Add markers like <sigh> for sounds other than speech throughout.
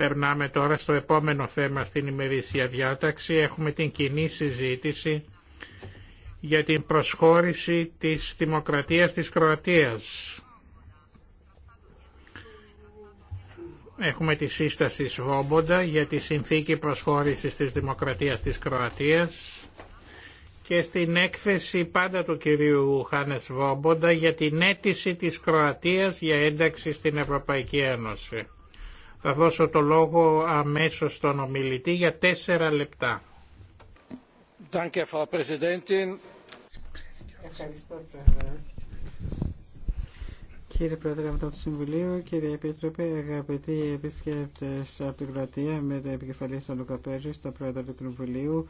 Περνάμε τώρα στο επόμενο θέμα στην ημερήσια διάταξη. Έχουμε την κοινή συζήτηση για την προσχώρηση της Δημοκρατίας της Κροατίας. Έχουμε τη σύσταση Σβόμποντα για τη συνθήκη προσχώρησης της Δημοκρατίας της Κροατίας και στην έκθεση πάντα του κυρίου Χάνες Σβόμποντα για την αίτηση της Κροατίας για ένταξη στην Ευρωπαϊκή Ένωση. Θα δώσω το λόγο αμέσως στον ομιλητή για τέσσερα λεπτά. Ευχαριστώ, Πρόεδρε. Κύριε Πρόεδρε από το Συμβουλίο, κύριε Επίτροπε, αγαπητοί επισκέπτε από την Κροατία με τα επικεφαλή του Λουκα τον Πρόεδρο του Κοινοβουλίου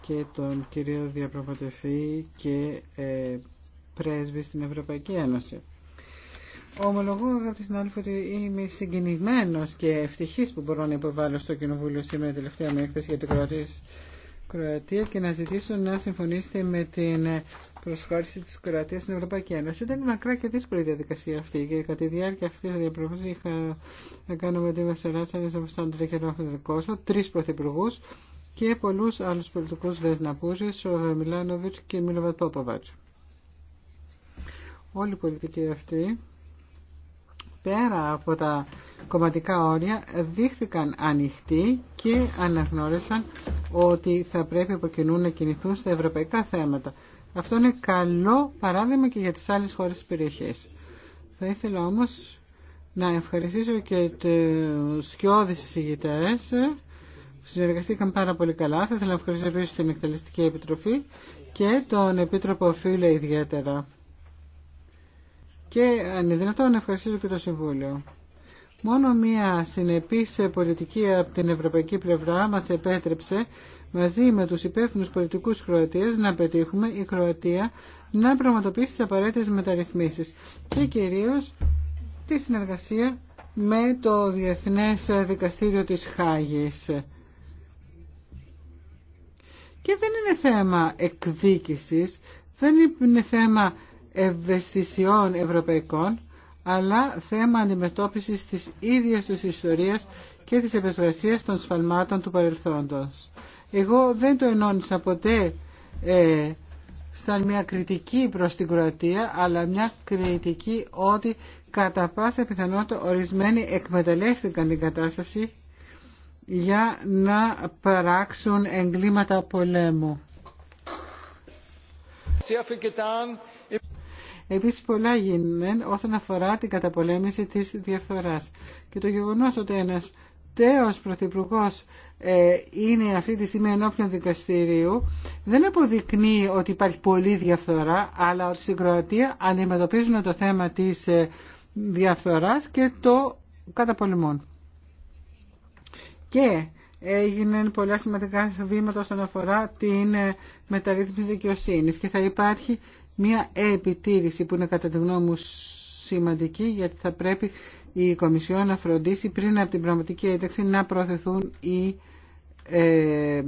και τον κύριο Διαπραγματευτή και ε, πρέσβη στην Ευρωπαϊκή Ένωση. Ομολογώ, αγαπητοί συνάδελφοι, ότι είμαι συγκινημένο και ευτυχή που μπορώ να υποβάλω στο Κοινοβούλιο σήμερα τελευταία μου έκθεση για την Κροατία και να ζητήσω να συμφωνήσετε με την προσχώρηση τη Κροατία στην Ευρωπαϊκή Ένωση. Ήταν μακρά και δύσκολη η διαδικασία αυτή και κατά τη διάρκεια αυτή τη διαπραγμάτευση είχα να κάνω με τη Μεσοράτσα, τον και τον Φεδρικόσο, τρει πρωθυπουργού και πολλού άλλου πολιτικού Βεσναπούζη, ο Μιλάνοβιτ και Μίλοβατ Πόποβατ. Όλοι οι πολιτικοί αυτοί πέρα από τα κομματικά όρια δείχθηκαν ανοιχτοί και αναγνώρισαν ότι θα πρέπει από κοινού να κινηθούν στα ευρωπαϊκά θέματα. Αυτό είναι καλό παράδειγμα και για τις άλλες χώρες της περιοχής. Θα ήθελα όμως να ευχαριστήσω και τους σκιώδεις εισηγητές. Συνεργαστήκαν πάρα πολύ καλά. Θα ήθελα να ευχαριστήσω επίσης την Εκτελεστική Επιτροφή και τον Επίτροπο Φίλε ιδιαίτερα. Και αν είναι δυνατόν ευχαριστήσω και το Συμβούλιο. Μόνο μία συνεπής πολιτική από την ευρωπαϊκή πλευρά μας επέτρεψε μαζί με τους υπεύθυνους πολιτικούς Κροατίας να πετύχουμε η Κροατία να πραγματοποιήσει τις απαραίτητες μεταρρυθμίσεις και κυρίως τη συνεργασία με το Διεθνές Δικαστήριο της Χάγης. Και δεν είναι θέμα εκδίκησης, δεν είναι θέμα ευαισθησιών ευρωπαϊκών, αλλά θέμα αντιμετώπισης της ίδιας της ιστορίας και της επεξεργασίας των σφαλμάτων του παρελθόντος. Εγώ δεν το ενώνησα ποτέ ε, σαν μια κριτική προς την Κροατία, αλλά μια κριτική ότι κατά πάσα πιθανότητα ορισμένοι εκμεταλλεύτηκαν την κατάσταση για να παράξουν εγκλήματα πολέμου. Επίσης πολλά γίνουν όσον αφορά την καταπολέμηση της διαφθοράς. Και το γεγονός ότι ένας τέος πρωθυπουργός ε, είναι αυτή τη στιγμή ενώπιον δικαστηρίου δεν αποδεικνύει ότι υπάρχει πολλή διαφθορά αλλά ότι στην Κροατία αντιμετωπίζουν το θέμα της ε, διαφθοράς και το καταπολεμών. Και έγιναν πολλά σημαντικά βήματα όσον αφορά την ε, μεταρρύθμιση δικαιοσύνης και θα υπάρχει μια επιτήρηση που είναι κατά τη γνώμη μου σημαντική γιατί θα πρέπει η Κομισιόν να φροντίσει πριν από την πραγματική ένταξη να προωθηθούν οι ε,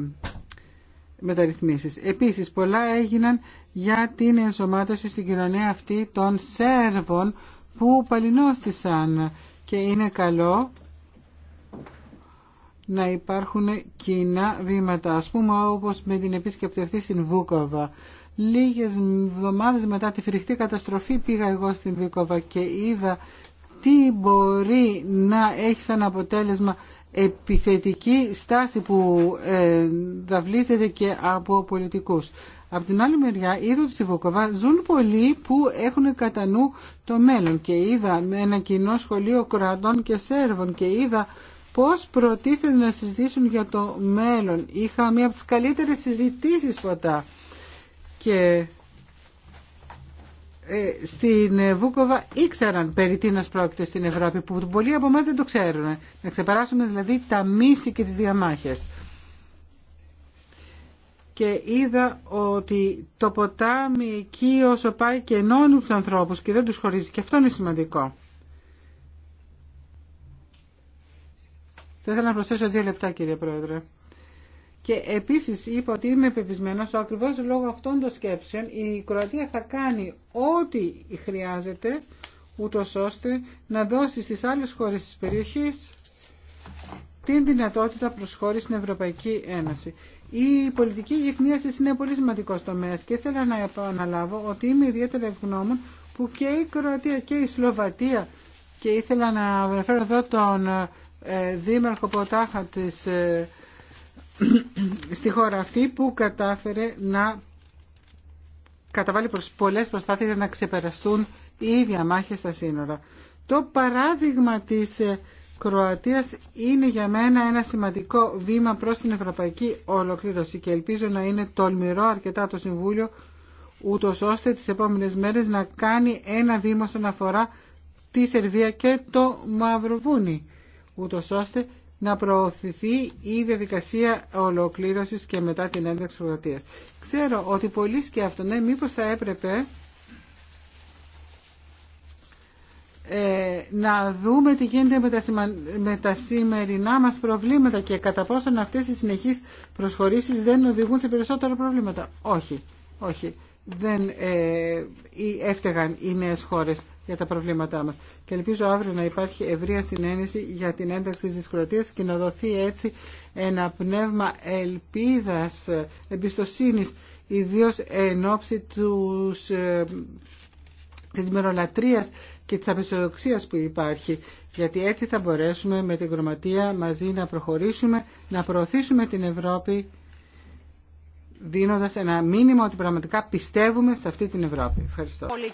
μεταρρυθμίσεις. Επίσης πολλά έγιναν για την ενσωμάτωση στην κοινωνία αυτή των Σέρβων που παλινώστησαν και είναι καλό να υπάρχουν κοινά βήματα, ας πούμε όπως με την επίσκεψη αυτή στην Βούκοβα. Λίγες εβδομάδες μετά τη φρικτή καταστροφή πήγα εγώ στην Βίκοβα και είδα τι μπορεί να έχει σαν αποτέλεσμα επιθετική στάση που ε, δαυλίζεται και από πολιτικούς. Από την άλλη μεριά είδα ότι στη Βούκοβα ζουν πολλοί που έχουν κατά νου το μέλλον και είδα με ένα κοινό σχολείο κρατών και Σέρβων και είδα πώς προτίθεται να συζητήσουν για το μέλλον. Είχα μία από τις καλύτερες συζητήσεις ποτά και ε, στην Βούκοβα ήξεραν περί τίνος πρόκειται στην Ευρώπη που πολλοί από εμάς δεν το ξέρουν. Να ξεπεράσουμε δηλαδή τα μίση και τις διαμάχες. Και είδα ότι το ποτάμι εκεί όσο πάει και ενώνουν τους ανθρώπους και δεν τους χωρίζει. Και αυτό είναι σημαντικό. Θα ήθελα να προσθέσω δύο λεπτά κύριε Πρόεδρε. Και επίση είπα ότι είμαι ότι ακριβώ λόγω αυτών των σκέψεων, η Κροατία θα κάνει ό,τι χρειάζεται, ούτω ώστε να δώσει στι άλλε χώρε τη περιοχή την δυνατότητα προσχώρηση στην Ευρωπαϊκή Ένωση. Η πολιτική τη είναι πολύ σημαντικό τομέα και ήθελα να επαναλάβω ότι είμαι ιδιαίτερα ευγνώμων που και η Κροατία και η Σλοβατία και ήθελα να αναφέρω εδώ τον ε, Δήμαρχο Ποτάχα της ε, στη χώρα αυτή που κατάφερε να καταβάλει προς πολλές προσπάθειες να ξεπεραστούν οι διαμάχες στα σύνορα. Το παράδειγμα της ε, Κροατίας είναι για μένα ένα σημαντικό βήμα προς την ευρωπαϊκή ολοκλήρωση και ελπίζω να είναι τολμηρό αρκετά το Συμβούλιο ούτω ώστε τις επόμενες μέρες να κάνει ένα βήμα στον αφορά τη Σερβία και το Μαυροβούνι ούτω ώστε να προωθηθεί η διαδικασία ολοκλήρωσης και μετά την ένταξη Κροατίας. Ξέρω ότι πολλοί σκέφτονται μήπως θα έπρεπε ε, να δούμε τι γίνεται με τα, με σημερινά μας προβλήματα και κατά πόσον αυτές οι συνεχείς προσχωρήσεις δεν οδηγούν σε περισσότερα προβλήματα. Όχι, όχι. Δεν ε, έφταιγαν οι νέες χώρες για τα προβλήματά μας. Και ελπίζω αύριο να υπάρχει ευρεία συνένεση για την ένταξη της δυσκολίας και να δοθεί έτσι ένα πνεύμα ελπίδας, εμπιστοσύνης, ιδίως εν ώψη τους, ε, της μερολατρίας και της απεσιοδοξίας που υπάρχει. Γιατί έτσι θα μπορέσουμε με την κροματεία μαζί να προχωρήσουμε, να προωθήσουμε την Ευρώπη δίνοντας ένα μήνυμα ότι πραγματικά πιστεύουμε σε αυτή την Ευρώπη. Ευχαριστώ. Πολύ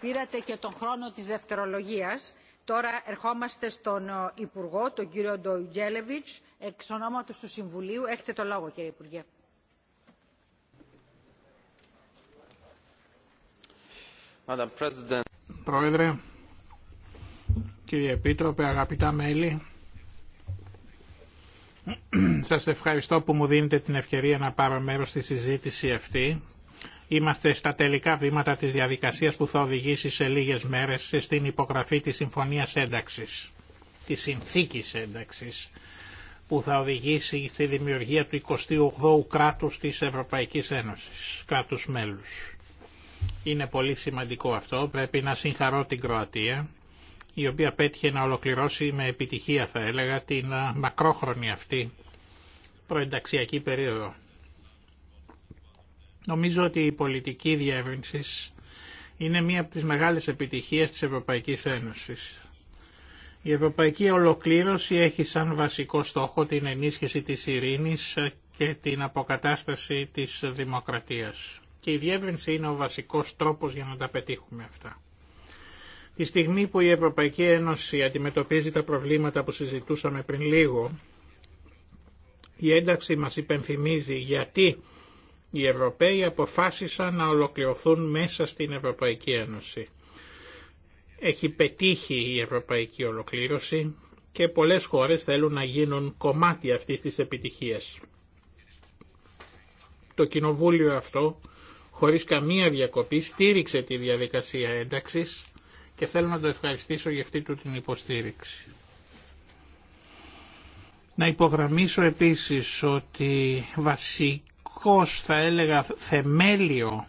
πήρατε και τον χρόνο της δευτερολογίας. Τώρα ερχόμαστε στον ε, Υπουργό, τον κύριο Ντογγέλεβιτς, εξ ονόματος του Συμβουλίου. Έχετε το λόγο κύριε Υπουργέ. Πρόεδρε, κύριε Επίτροπε, αγαπητά μέλη, <clears throat> σας ευχαριστώ που μου δίνετε την ευκαιρία να πάρω μέρος στη συζήτηση αυτή Είμαστε στα τελικά βήματα της διαδικασίας που θα οδηγήσει σε λίγες μέρες στην υπογραφή της Συμφωνίας Ένταξης, της Συνθήκης Ένταξης, που θα οδηγήσει στη δημιουργία του 28ου κράτους της Ευρωπαϊκής Ένωσης, κράτους μέλους. Είναι πολύ σημαντικό αυτό, πρέπει να συγχαρώ την Κροατία, η οποία πέτυχε να ολοκληρώσει με επιτυχία θα έλεγα την ε, μακρόχρονη αυτή προενταξιακή περίοδο. Νομίζω ότι η πολιτική διεύρυνση είναι μία από τις μεγάλες επιτυχίες της Ευρωπαϊκής Ένωσης. Η ευρωπαϊκή ολοκλήρωση έχει σαν βασικό στόχο την ενίσχυση της ειρήνης και την αποκατάσταση της δημοκρατίας. Και η διεύρυνση είναι ο βασικός τρόπος για να τα πετύχουμε αυτά. Τη στιγμή που η Ευρωπαϊκή Ένωση αντιμετωπίζει τα προβλήματα που συζητούσαμε πριν λίγο, η ένταξη μας υπενθυμίζει γιατί οι Ευρωπαίοι αποφάσισαν να ολοκληρωθούν μέσα στην Ευρωπαϊκή Ένωση. Έχει πετύχει η Ευρωπαϊκή Ολοκλήρωση και πολλές χώρες θέλουν να γίνουν κομμάτι αυτής της επιτυχίας. Το κοινοβούλιο αυτό, χωρίς καμία διακοπή, στήριξε τη διαδικασία ένταξης και θέλω να το ευχαριστήσω για αυτή του την υποστήριξη. Να υπογραμμίσω επίσης ότι βασική βασικός θα έλεγα θεμέλιο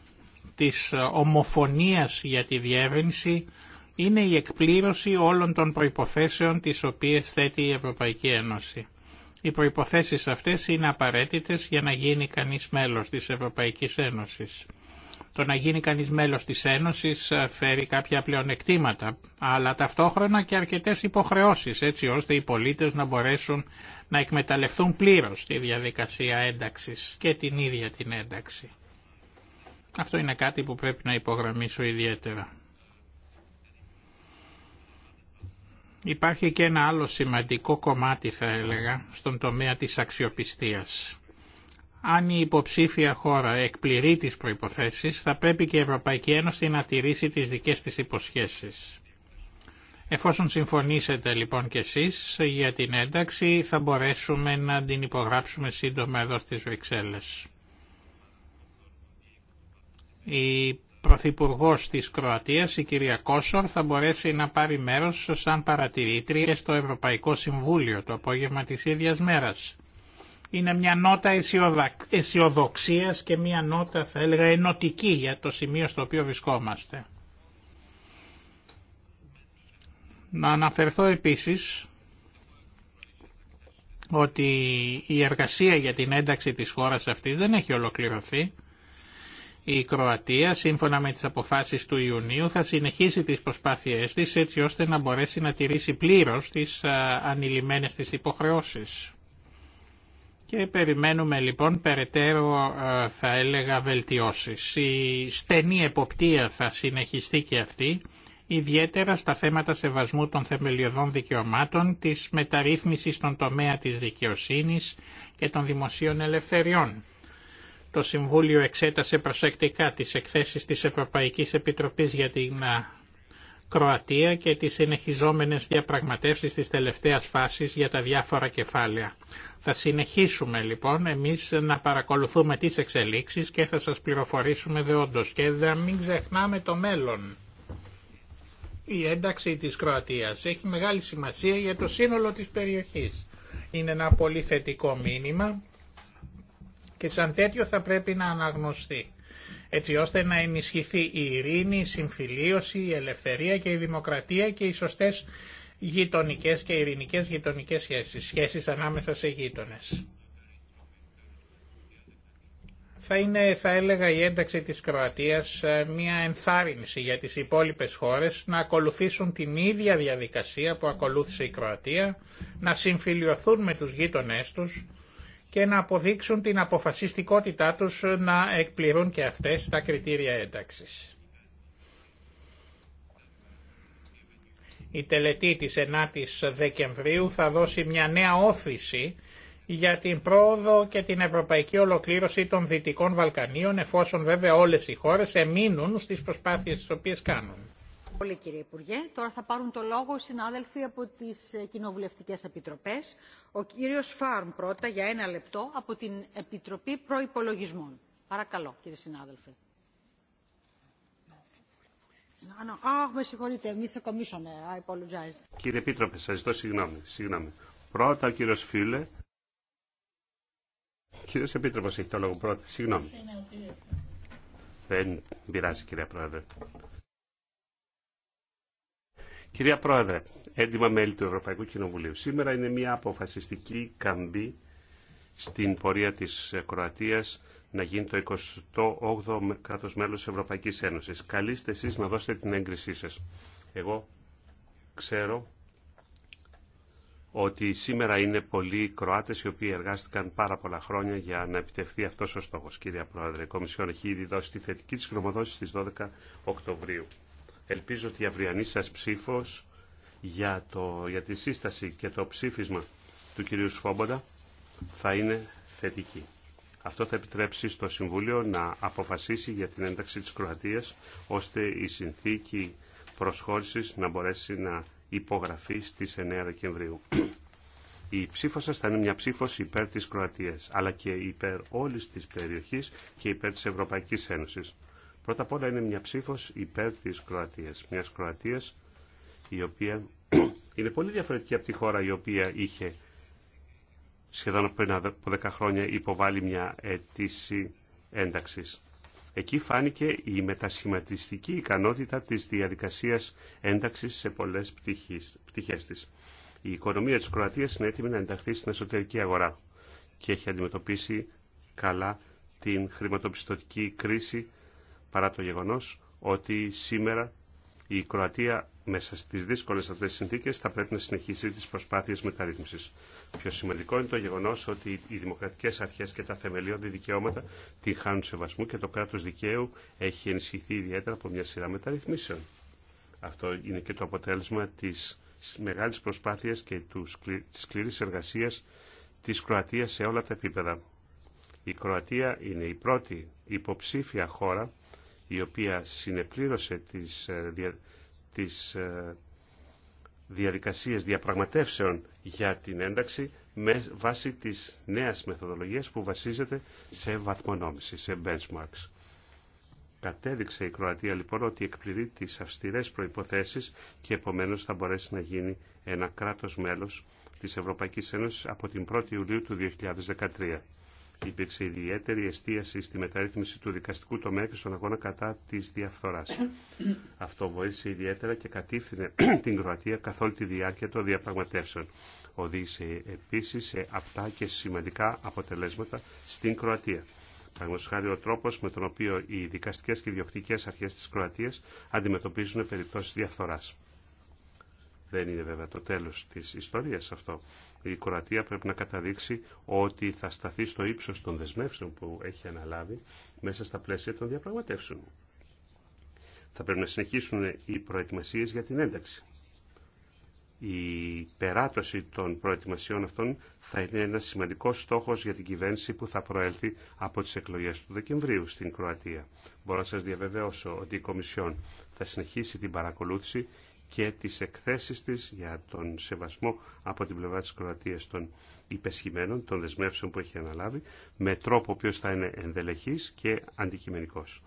της ομοφωνίας για τη διεύρυνση είναι η εκπλήρωση όλων των προϋποθέσεων τις οποίες θέτει η Ευρωπαϊκή Ένωση. Οι προϋποθέσεις αυτές είναι απαραίτητες για να γίνει κανείς μέλος της Ευρωπαϊκής Ένωσης. Το να γίνει κανείς μέλος της Ένωσης ε, φέρει κάποια πλεονεκτήματα, αλλά ταυτόχρονα και αρκετές υποχρεώσεις, έτσι ώστε οι πολίτες να μπορέσουν να εκμεταλλευτούν πλήρως τη διαδικασία ένταξης και την ίδια την ένταξη. Αυτό είναι κάτι που πρέπει να υπογραμμίσω ιδιαίτερα. Υπάρχει και ένα άλλο σημαντικό κομμάτι θα έλεγα στον τομέα της αξιοπιστίας αν η υποψήφια χώρα εκπληρεί τις προϋποθέσεις, θα πρέπει και η Ευρωπαϊκή Ένωση να τηρήσει τις δικές της υποσχέσεις. Εφόσον συμφωνήσετε λοιπόν κι εσείς για την ένταξη, θα μπορέσουμε να την υπογράψουμε σύντομα εδώ στις Βρυξέλλες. Η Πρωθυπουργό της Κροατίας, η κυρία Κόσορ, θα μπορέσει να πάρει μέρος σαν παρατηρήτρια στο Ευρωπαϊκό Συμβούλιο το απόγευμα της ίδιας μέρας είναι μια νότα αισιοδοξία και μια νότα θα έλεγα ενωτική για το σημείο στο οποίο βρισκόμαστε. Να αναφερθώ επίσης ότι η εργασία για την ένταξη της χώρας αυτή δεν έχει ολοκληρωθεί. Η Κροατία, σύμφωνα με τις αποφάσεις του Ιουνίου, θα συνεχίσει τις προσπάθειές της έτσι ώστε να μπορέσει να τηρήσει πλήρως τις ανηλυμένες της υποχρεώσεις και περιμένουμε λοιπόν περαιτέρω ε, θα έλεγα βελτιώσεις. Η στενή εποπτεία θα συνεχιστεί και αυτή, ιδιαίτερα στα θέματα σεβασμού των θεμελιωδών δικαιωμάτων, της μεταρρύθμισης στον τομέα της δικαιοσύνης και των δημοσίων ελευθεριών. Το Συμβούλιο εξέτασε προσεκτικά τις εκθέσεις της Ευρωπαϊκής Επιτροπής για την ε, Κροατία και τις συνεχιζόμενες διαπραγματεύσεις της τελευταίας φάσης για τα διάφορα κεφάλαια. Θα συνεχίσουμε λοιπόν εμείς να παρακολουθούμε τις εξελίξεις και θα σας πληροφορήσουμε δεόντως και δεν μην ξεχνάμε το μέλλον. Η ένταξη της Κροατίας έχει μεγάλη σημασία για το σύνολο της περιοχής. Είναι ένα πολύ θετικό μήνυμα και σαν τέτοιο θα πρέπει να αναγνωστεί έτσι ώστε να ενισχυθεί η ειρήνη, η συμφιλίωση, η ελευθερία και η δημοκρατία και οι σωστές γειτονικές και ειρηνικές γειτονικές σχέσεις, σχέσεις ανάμεσα σε γείτονες. Θα είναι, θα έλεγα, η ένταξη της Κροατίας ε, μια ενθάρρυνση για τις υπόλοιπες χώρες να ακολουθήσουν την ίδια διαδικασία που ακολούθησε η Κροατία, να συμφιλειωθούν με τους γείτονές τους, και να αποδείξουν την αποφασιστικότητά τους να εκπληρούν και αυτές τα κριτήρια ένταξης. Η τελετή της 9ης Δεκεμβρίου θα δώσει μια νέα όθηση για την πρόοδο και την ευρωπαϊκή ολοκλήρωση των Δυτικών Βαλκανίων, εφόσον βέβαια όλες οι χώρες εμείνουν στις προσπάθειες τις οποίες κάνουν πολύ κύριε Υπουργέ. Τώρα θα πάρουν το λόγο οι συνάδελφοι από τις ε, κοινοβουλευτικές επιτροπές. Ο κύριος Φάρμ πρώτα για ένα λεπτό από την Επιτροπή Προϋπολογισμών. Παρακαλώ κύριε συνάδελφε. με ε, I apologize. Κύριε Επίτροπε, σας ζητώ συγγνώμη. συγγνώμη. Πρώτα ο κύριος Φίλε. Κύριος Επίτροπος έχει το λόγο πρώτα. Συγγνώμη. Ναι, Δεν πειράζει κύριε Πρόεδρε. Κυρία Πρόεδρε, έντοιμα μέλη του Ευρωπαϊκού Κοινοβουλίου. Σήμερα είναι μια αποφασιστική καμπή στην πορεία της Κροατίας να γίνει το 28ο κράτος μέλος της Ευρωπαϊκής Ένωσης. Καλείστε εσείς να δώσετε την έγκρισή σας. Εγώ ξέρω ότι σήμερα είναι πολλοί Κροάτες οι οποίοι εργάστηκαν πάρα πολλά χρόνια για να επιτευχθεί αυτός ο στόχος. Κυρία Πρόεδρε, η Κομισιόν έχει ήδη δώσει τη θετική της γνωμοδότηση στις 12 Οκτωβρίου. Ελπίζω ότι η αυριανή σας ψήφος για, το, για τη σύσταση και το ψήφισμα του κυρίου Σφόμποντα θα είναι θετική. Αυτό θα επιτρέψει στο Συμβούλιο να αποφασίσει για την ένταξη της Κροατίας, ώστε η συνθήκη προσχώρησης να μπορέσει να υπογραφεί στις 9 Δεκεμβρίου. Η ψήφο σα θα είναι μια ψήφο υπέρ της Κροατίας, αλλά και υπέρ όλης της περιοχής και υπέρ της Ευρωπαϊκής Ένωσης. Πρώτα απ' όλα είναι μια ψήφος υπέρ της Κροατίας. Μιας Κροατίας η οποία <clears throat> είναι πολύ διαφορετική από τη χώρα η οποία είχε σχεδόν πριν από 10 χρόνια υποβάλει μια αιτήση ένταξης. Εκεί φάνηκε η μετασχηματιστική ικανότητα της διαδικασίας ένταξης σε πολλές πτυχές της. Η οικονομία της Κροατίας είναι έτοιμη να ενταχθεί στην εσωτερική αγορά και έχει αντιμετωπίσει καλά την χρηματοπιστωτική κρίση παρά το γεγονός ότι σήμερα η Κροατία μέσα στις δύσκολες αυτές τις συνθήκες θα πρέπει να συνεχίσει τις προσπάθειες μεταρρύθμισης. Πιο σημαντικό είναι το γεγονός ότι οι δημοκρατικές αρχές και τα θεμελιώδη δικαιώματα την χάνουν σεβασμού και το κράτος δικαίου έχει ενισχυθεί ιδιαίτερα από μια σειρά μεταρρυθμίσεων. Αυτό είναι και το αποτέλεσμα της μεγάλης προσπάθειας και της σκληρής εργασίας της Κροατίας σε όλα τα επίπεδα. Η Κροατία είναι η πρώτη υποψήφια χώρα η οποία συνεπλήρωσε τις, ε, δια, τις ε, διαδικασίες διαπραγματεύσεων για την ένταξη με βάση της νέας μεθοδολογίας που βασίζεται σε βαθμονόμηση, σε benchmarks. Κατέδειξε η Κροατία λοιπόν ότι εκπληρεί τις αυστηρές προϋποθέσεις και επομένως θα μπορέσει να γίνει ένα κράτος μέλος της Ευρωπαϊκής Ένωσης από την 1η Ιουλίου του 2013 υπήρξε ιδιαίτερη εστίαση στη μεταρρύθμιση του δικαστικού τομέα και στον αγώνα κατά της διαφθοράς. <coughs> Αυτό βοήθησε ιδιαίτερα και κατήφθηνε <coughs> την Κροατία καθ' όλη τη διάρκεια των διαπραγματεύσεων. Οδήγησε επίσης σε αυτά και σημαντικά αποτελέσματα στην Κροατία. Παραδείγματο χάρη, ο τρόπο με τον οποίο οι δικαστικέ και ιδιοκτικέ αρχέ τη Κροατία αντιμετωπίζουν περιπτώσει διαφθορά. Δεν είναι βέβαια το τέλος της ιστορίας αυτό. Η Κροατία πρέπει να καταδείξει ότι θα σταθεί στο ύψος των δεσμεύσεων που έχει αναλάβει μέσα στα πλαίσια των διαπραγματεύσεων. Θα πρέπει να συνεχίσουν οι προετοιμασίες για την ένταξη. Η περάτωση των προετοιμασιών αυτών θα είναι ένας σημαντικός στόχος για την κυβέρνηση που θα προέλθει από τις εκλογές του Δεκεμβρίου στην Κροατία. Μπορώ να σας διαβεβαιώσω ότι η Κομισιόν θα συνεχίσει την παρακολούθηση και τις εκθέσεις της για τον σεβασμό από την πλευρά της Κροατίας των υπεσχημένων, των δεσμεύσεων που έχει αναλάβει, με τρόπο ο οποίος θα είναι ενδελεχής και αντικειμενικός.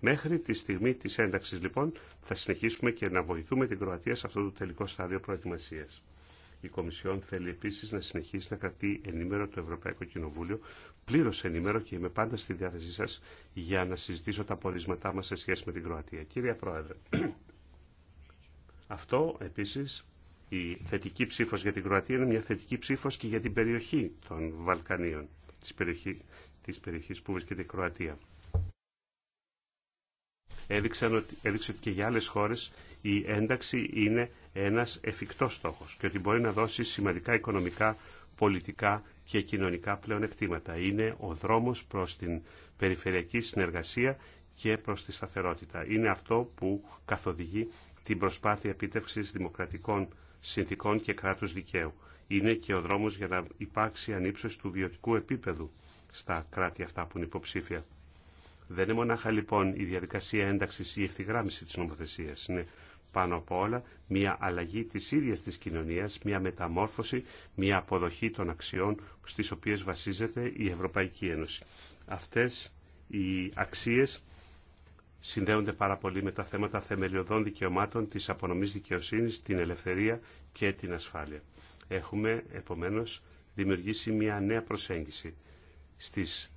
Μέχρι τη στιγμή της ένταξης λοιπόν θα συνεχίσουμε και να βοηθούμε την Κροατία σε αυτό το τελικό στάδιο προετοιμασίας. Η Κομισιόν θέλει επίση να συνεχίσει να κρατεί ενήμερο το Ευρωπαϊκό Κοινοβούλιο, πλήρω ενήμερο και είμαι πάντα στη διάθεσή σα για να συζητήσω τα πορίσματά μα σε σχέση με την Κροατία. Κύριε Πρόεδρε, αυτό επίσης η θετική ψήφος για την Κροατία είναι μια θετική ψήφος και για την περιοχή των Βαλκανίων, της, περιοχή, περιοχής που βρίσκεται η Κροατία. Έδειξαν ότι, έδειξε ότι και για άλλες χώρες η ένταξη είναι ένας εφικτός στόχος και ότι μπορεί να δώσει σημαντικά οικονομικά, πολιτικά και κοινωνικά πλεονεκτήματα. Είναι ο δρόμος προς την περιφερειακή συνεργασία και προς τη σταθερότητα. Είναι αυτό που καθοδηγεί την προσπάθεια επίτευξης δημοκρατικών συνθήκων και κράτους δικαίου. Είναι και ο δρόμος για να υπάρξει ανύψωση του βιωτικού επίπεδου στα κράτη αυτά που είναι υποψήφια. Δεν είναι μονάχα λοιπόν η διαδικασία ένταξης ή ευθυγράμμιση της νομοθεσίας. Είναι πάνω απ' όλα μια αλλαγή της ίδιας της κοινωνίας, μια μεταμόρφωση, μια αποδοχή των αξιών στις οποίες βασίζεται η ευθυγραμμιση της νομοθεσιας ειναι πανω από ολα μια αλλαγη Ένωση. Αυτές οι αξίες συνδέονται πάρα πολύ με τα θέματα θεμελιωδών δικαιωμάτων, της απονομής δικαιοσύνης, την ελευθερία και την ασφάλεια. Έχουμε, επομένως, δημιουργήσει μια νέα προσέγγιση. Στις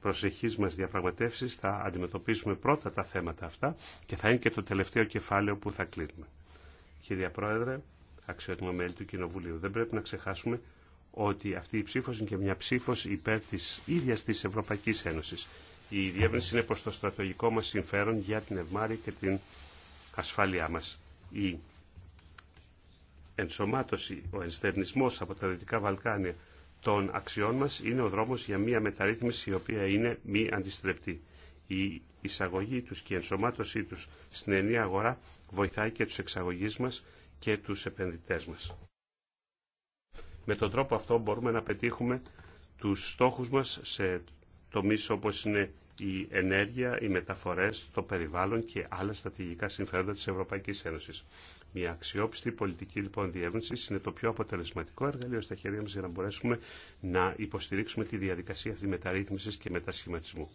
προσεχείς μας διαπραγματεύσεις θα αντιμετωπίσουμε πρώτα τα θέματα αυτά και θα είναι και το τελευταίο κεφάλαιο που θα κλείνουμε. Κυρία Πρόεδρε, αξιότιμο μέλη του Κοινοβουλίου, δεν πρέπει να ξεχάσουμε ότι αυτή η ψήφος είναι και μια ψήφος υπέρ της ίδιας της Ευρωπαϊκής Ένωσης η διεύρυνση είναι προς το στρατηγικό μας συμφέρον για την ευμάρεια και την ασφάλειά μας. Η ενσωμάτωση, ο ενστερνισμός από τα Δυτικά Βαλκάνια των αξιών μας είναι ο δρόμος για μια μεταρρύθμιση η οποία είναι μη αντιστρεπτή. Η εισαγωγή τους και η ενσωμάτωσή τους στην ενιαία αγορά βοηθάει και τους εξαγωγείς μας και τους επενδυτές μας. Με τον τρόπο αυτό μπορούμε να πετύχουμε τους στόχους μας σε τομείς όπως είναι η ενέργεια, οι μεταφορές, το περιβάλλον και άλλα στρατηγικά συμφέροντα της Ευρωπαϊκής Ένωσης. Μια αξιόπιστη πολιτική λοιπόν διεύρυνση είναι το πιο αποτελεσματικό εργαλείο στα χέρια μας για να μπορέσουμε να υποστηρίξουμε τη διαδικασία αυτή μεταρρύθμισης και μετασχηματισμού.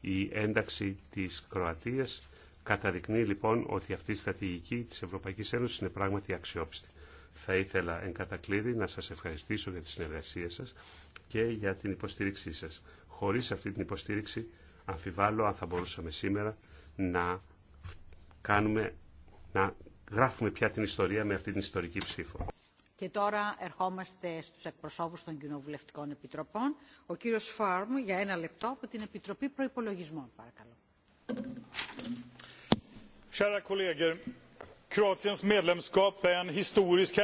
Η ένταξη της Κροατίας καταδεικνύει λοιπόν ότι αυτή η στρατηγική της Ευρωπαϊκής Ένωσης είναι πράγματι αξιόπιστη. Θα ήθελα εν κατακλείδη να σας ευχαριστήσω για τη συνεργασία σας και για την υποστήριξή σας. Χωρίς αυτή την υποστήριξη αμφιβάλλω αν θα μπορούσαμε σήμερα να κάνουμε, να γράφουμε πια την ιστορία με αυτή την ιστορική ψήφο. Και τώρα ερχόμαστε στους εκπροσώπους των κοινοβουλευτικών επιτροπών. Ο κύριος Φάρμ για ένα λεπτό από την Επιτροπή Προϋπολογισμών, παρακαλώ. Κύριε Kroatiens medlemskap en historisk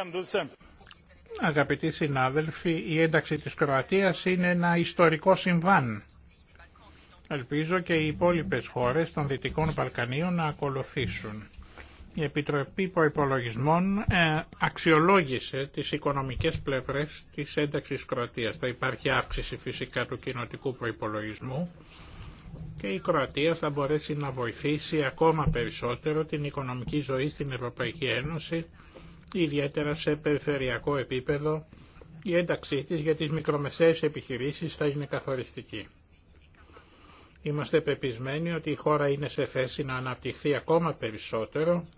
Αγαπητοί συνάδελφοι, η ένταξη της Κροατίας είναι ένα ιστορικό συμβάν. Ελπίζω και οι υπόλοιπες χώρες των Δυτικών Βαλκανίων να ακολουθήσουν. Η Επιτροπή Προϋπολογισμών ε, αξιολόγησε τις οικονομικές πλευρές της ένταξης Κροατίας. Θα υπάρχει αύξηση φυσικά του κοινοτικού προϋπολογισμού και η Κροατία θα μπορέσει να βοηθήσει ακόμα περισσότερο την οικονομική ζωή στην Ευρωπαϊκή Ένωση ιδιαίτερα σε περιφερειακό επίπεδο, η ένταξή της για τις μικρομεσαίες επιχειρήσεις θα είναι καθοριστική. Είμαστε πεπισμένοι ότι η χώρα είναι σε θέση να αναπτυχθεί ακόμα περισσότερο,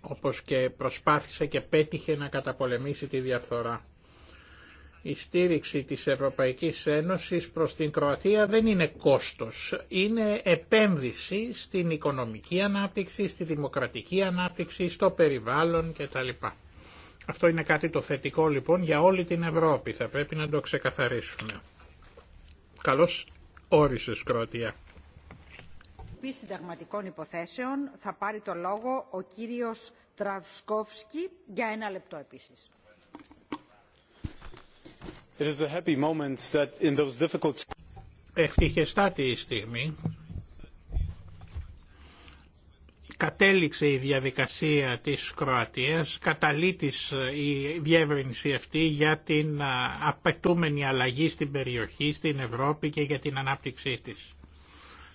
όπως και προσπάθησε και πέτυχε να καταπολεμήσει τη διαφθορά. Η στήριξη της Ευρωπαϊκής Ένωσης προς την Κροατία δεν είναι κόστος, είναι επένδυση στην οικονομική ανάπτυξη, στη δημοκρατική ανάπτυξη, στο περιβάλλον κτλ. Αυτό είναι κάτι το θετικό λοιπόν για όλη την Ευρώπη, θα πρέπει να το ξεκαθαρίσουμε. Καλώς όρισες Κροατία. Επί συνταγματικών υποθέσεων θα πάρει το λόγο ο κύριος Τραυσκόφσκι για ένα λεπτό επίσης. It is a η στιγμή. Κατέληξε η διαδικασία της Κροατίας, καταλή ε, η διεύρυνση αυτή για την ε, απαιτούμενη αλλαγή στην περιοχή, στην Ευρώπη και για την ανάπτυξή της.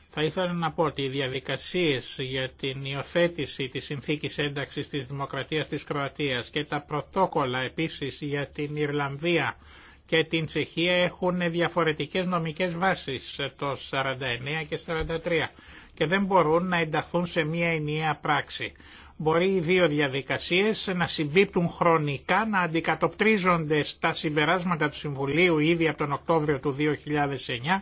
Θα ήθελα να πω ότι οι διαδικασίες για την υιοθέτηση της συνθήκης ένταξης της Δημοκρατίας της Κροατίας και τα πρωτόκολλα επίσης για την Ιρλανδία και την Τσεχία έχουν διαφορετικές νομικές βάσεις ε, το 49 και 43 και δεν μπορούν να ενταχθούν σε μία ενιαία πράξη. Μπορεί οι δύο διαδικασίες να συμπίπτουν χρονικά, να αντικατοπτρίζονται στα συμπεράσματα του Συμβουλίου ήδη από τον Οκτώβριο του 2009,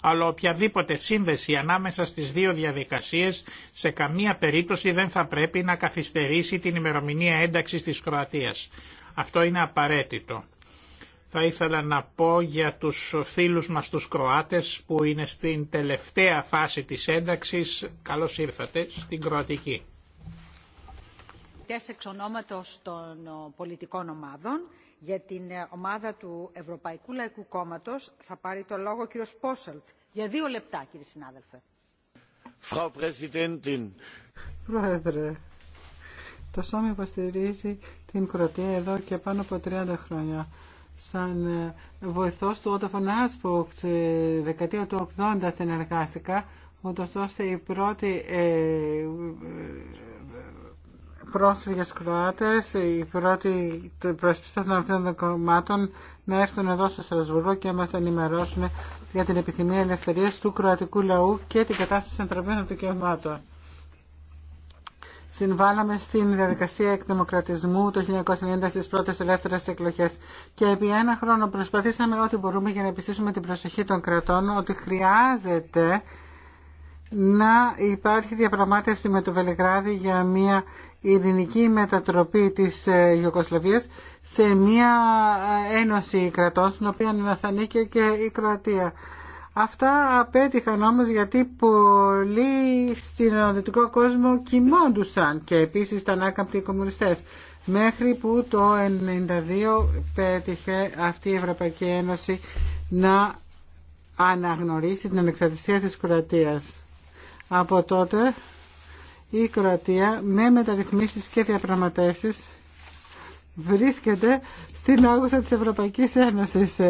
αλλά οποιαδήποτε σύνδεση ανάμεσα στις δύο διαδικασίες σε καμία περίπτωση δεν θα πρέπει να καθυστερήσει την ημερομηνία ένταξης της Κροατίας. Αυτό είναι απαραίτητο θα ήθελα να πω για τους φίλους μας τους Κροάτες που είναι στην τελευταία φάση της ένταξης. Καλώς ήρθατε στην Κροατική. Εξ των πολιτικών ομάδων για την ε, ομάδα του Ευρωπαϊκού Λαϊκού Κόμματος θα πάρει το λόγο ο Πόσελτ. Για δύο λεπτά κύριε συνάδελφε. Frau Präsidentin. Πρόεδρε, το Σώμα υποστηρίζει την Κροατία εδώ και πάνω από 30 χρόνια σαν ε, βοηθός του Ότοφον τη ε, δεκαετία του 80 συνεργάστηκα ούτω ώστε οι πρώτοι ε, ε, πρόσφυγες Κροάτες, οι πρώτοι προσπιστές των αυτών των κομμάτων να έρθουν εδώ στο Στρασβουργό και να μας ενημερώσουν για την επιθυμία ελευθερίας του κροατικού λαού και την κατάσταση των ανθρωπίνων δικαιωμάτων. Συμβάλαμε στην διαδικασία εκδημοκρατισμού το 1990 στις πρώτες ελεύθερες εκλογές και επί ένα χρόνο προσπαθήσαμε ό,τι μπορούμε για να επιστήσουμε την προσοχή των κρατών ότι χρειάζεται να υπάρχει διαπραγμάτευση με το Βελιγράδι για μια ειρηνική μετατροπή της ε, Ιουγκοσλαβίας σε μια ε, ένωση κρατών στην οποία θα ανήκει και η Κροατία. Αυτά απέτυχαν όμως γιατί πολλοί στην δυτικό κόσμο κοιμόντουσαν και επίσης ήταν άκαμπτοι οι κομμουνιστές. Μέχρι που το 1992 πέτυχε αυτή η Ευρωπαϊκή Ένωση να αναγνωρίσει την ανεξαρτησία της Κροατίας. Από τότε η Κροατία με μεταρρυθμίσεις και διαπραγματεύσεις βρίσκεται στην άγουσα της Ευρωπαϊκής Ένωσης.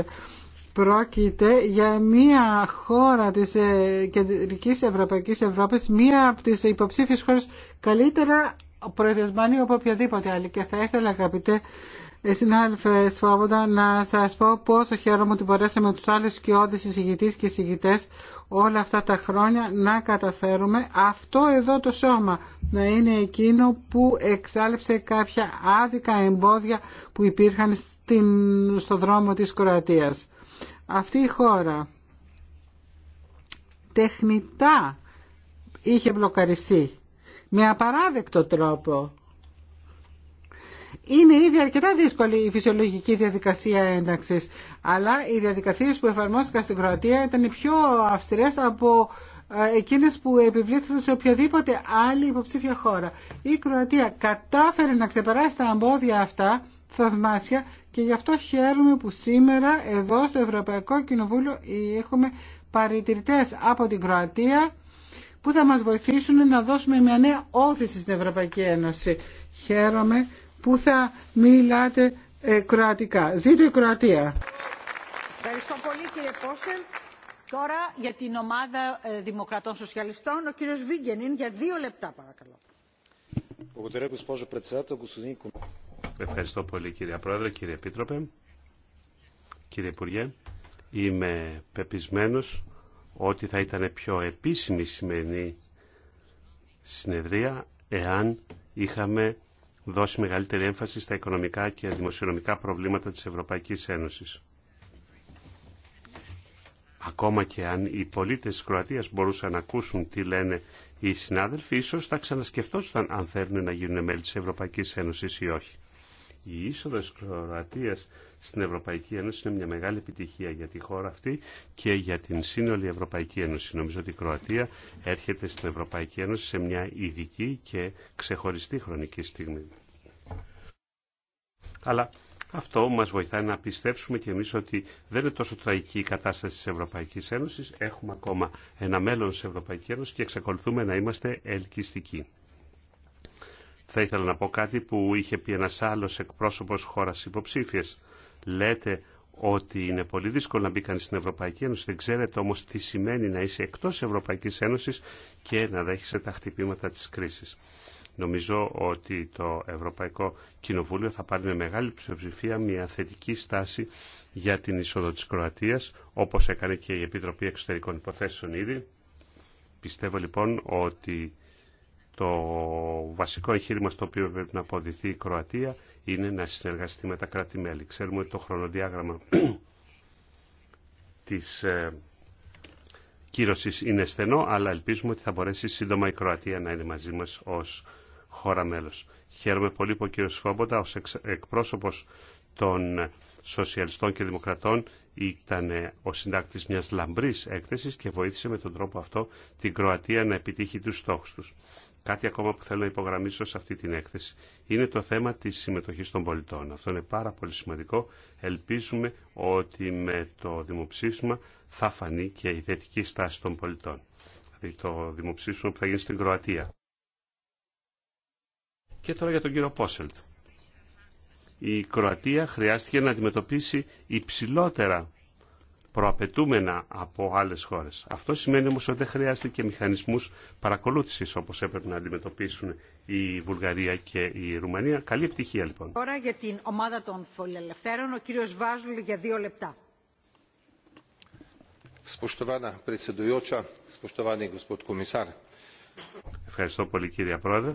Πρόκειται για μια χώρα της ε, κεντρικής ευρωπαϊκής Ευρώπης, μια από τις υποψήφιες χώρες καλύτερα προεδρεσμένη από οποιαδήποτε άλλη. Και θα ήθελα αγαπητέ ε, συνάδελφε Σφόβοντα να σας πω πόσο χαίρομαι ότι μπορέσαμε τους άλλους σκιώδεις και εισηγητές όλα αυτά τα χρόνια να καταφέρουμε αυτό εδώ το σώμα να είναι εκείνο που εξάλληψε κάποια άδικα εμπόδια που υπήρχαν στην, στο δρόμο της Κροατίας αυτή η χώρα τεχνητά είχε μπλοκαριστεί με απαράδεκτο τρόπο. Είναι ήδη αρκετά δύσκολη η φυσιολογική διαδικασία ένταξης, αλλά οι διαδικασίες που εφαρμόστηκαν στην Κροατία ήταν οι πιο αυστηρές από ε, εκείνες που επιβλήθησαν σε οποιαδήποτε άλλη υποψήφια χώρα. Η Κροατία κατάφερε να ξεπεράσει τα αμπόδια αυτά θαυμάσια και γι' αυτό χαίρομαι που σήμερα εδώ στο Ευρωπαϊκό Κοινοβούλιο έχουμε παρατηρητές από την Κροατία που θα μας βοηθήσουν να δώσουμε μια νέα όθηση στην Ευρωπαϊκή Ένωση. Χαίρομαι που θα μιλάτε ε, κροατικά. Ζήτω η Κροατία. Ευχαριστώ πολύ κύριε Πόσελ. Τώρα για την ομάδα ε, Δημοκρατών Σοσιαλιστών, ο κύριος Βίγγενιν για δύο λεπτά παρακαλώ. Ευχαριστώ πολύ κύριε Πρόεδρε, κύριε Επίτροπε, κύριε Υπουργέ. Είμαι πεπισμένος ότι θα ήταν πιο επίσημη σημερινή συνεδρία εάν είχαμε δώσει μεγαλύτερη έμφαση στα οικονομικά και δημοσιονομικά προβλήματα της Ευρωπαϊκής Ένωσης. Ακόμα και αν οι πολίτες της Κροατίας μπορούσαν να ακούσουν τι λένε οι συνάδελφοι, ίσως θα ξανασκεφτώσουν αν θέλουν να γίνουν μέλη της Ευρωπαϊκής Ένωσης ή όχι. Η τη Κροατίας στην Ευρωπαϊκή Ένωση είναι μια μεγάλη επιτυχία για τη χώρα αυτή και για την σύνολη Ευρωπαϊκή Ένωση. Νομίζω ότι η Κροατία έρχεται στην Ευρωπαϊκή Ένωση σε μια ειδική και ξεχωριστή χρονική στιγμή. Αλλά αυτό μας βοηθάει να πιστέψουμε και εμείς ότι δεν είναι τόσο τραγική η κατάσταση της Ευρωπαϊκής Ένωσης. Έχουμε ακόμα ένα μέλλον στην Ευρωπαϊκή Ένωση και εξακολουθούμε να είμαστε ελκυστικοί. Θα ήθελα να πω κάτι που είχε πει ένας άλλος εκπρόσωπος χώρας υποψήφιες. Λέτε ότι είναι πολύ δύσκολο να μπει κανείς στην Ευρωπαϊκή Ένωση. Δεν ξέρετε όμως τι σημαίνει να είσαι εκτός Ευρωπαϊκής Ένωσης και να δέχεσαι τα χτυπήματα της κρίσης. Νομίζω ότι το Ευρωπαϊκό Κοινοβούλιο θα πάρει με μεγάλη ψηφοψηφία μια θετική στάση για την είσοδο της Κροατίας, όπως έκανε και η Επιτροπή Εξωτερικών Υποθέσεων ήδη. Πιστεύω λοιπόν ότι το βασικό εγχείρημα στο οποίο πρέπει να αποδειθεί η Κροατία είναι να συνεργαστεί με τα κράτη-μέλη. Ξέρουμε ότι το χρονοδιάγραμμα <clears throat> της ε, κύρωσης είναι στενό, αλλά ελπίζουμε ότι θα μπορέσει σύντομα η Κροατία να είναι μαζί μας ως χώρα μέλος. Χαίρομαι πολύ που ο κ. Σφόμποτα ως εκπρόσωπος των Σοσιαλιστών και Δημοκρατών ήταν ε, ο συντάκτης μιας λαμπρής έκθεσης και βοήθησε με τον τρόπο αυτό την Κροατία να επιτύχει τους στόχους τους. Κάτι ακόμα που θέλω να υπογραμμίσω σε αυτή την έκθεση είναι το θέμα της συμμετοχής των πολιτών. Αυτό είναι πάρα πολύ σημαντικό. Ελπίζουμε ότι με το δημοψήφισμα θα φανεί και η θετική στάση των πολιτών. Δηλαδή το δημοψήφισμα που θα γίνει στην Κροατία. Και τώρα για τον κύριο Πόσελτ. Η Κροατία χρειάστηκε να αντιμετωπίσει υψηλότερα προαπαιτούμενα από άλλε χώρε. Αυτό σημαίνει όμω ότι δεν χρειάζεται και μηχανισμού παρακολούθηση, όπω έπρεπε να αντιμετωπίσουν η Βουλγαρία και η Ρουμανία. Καλή επιτυχία λοιπόν. Τώρα την ομάδα των ο κύριο για δύο λεπτά. Ευχαριστώ πολύ κύριε Πρόεδρε,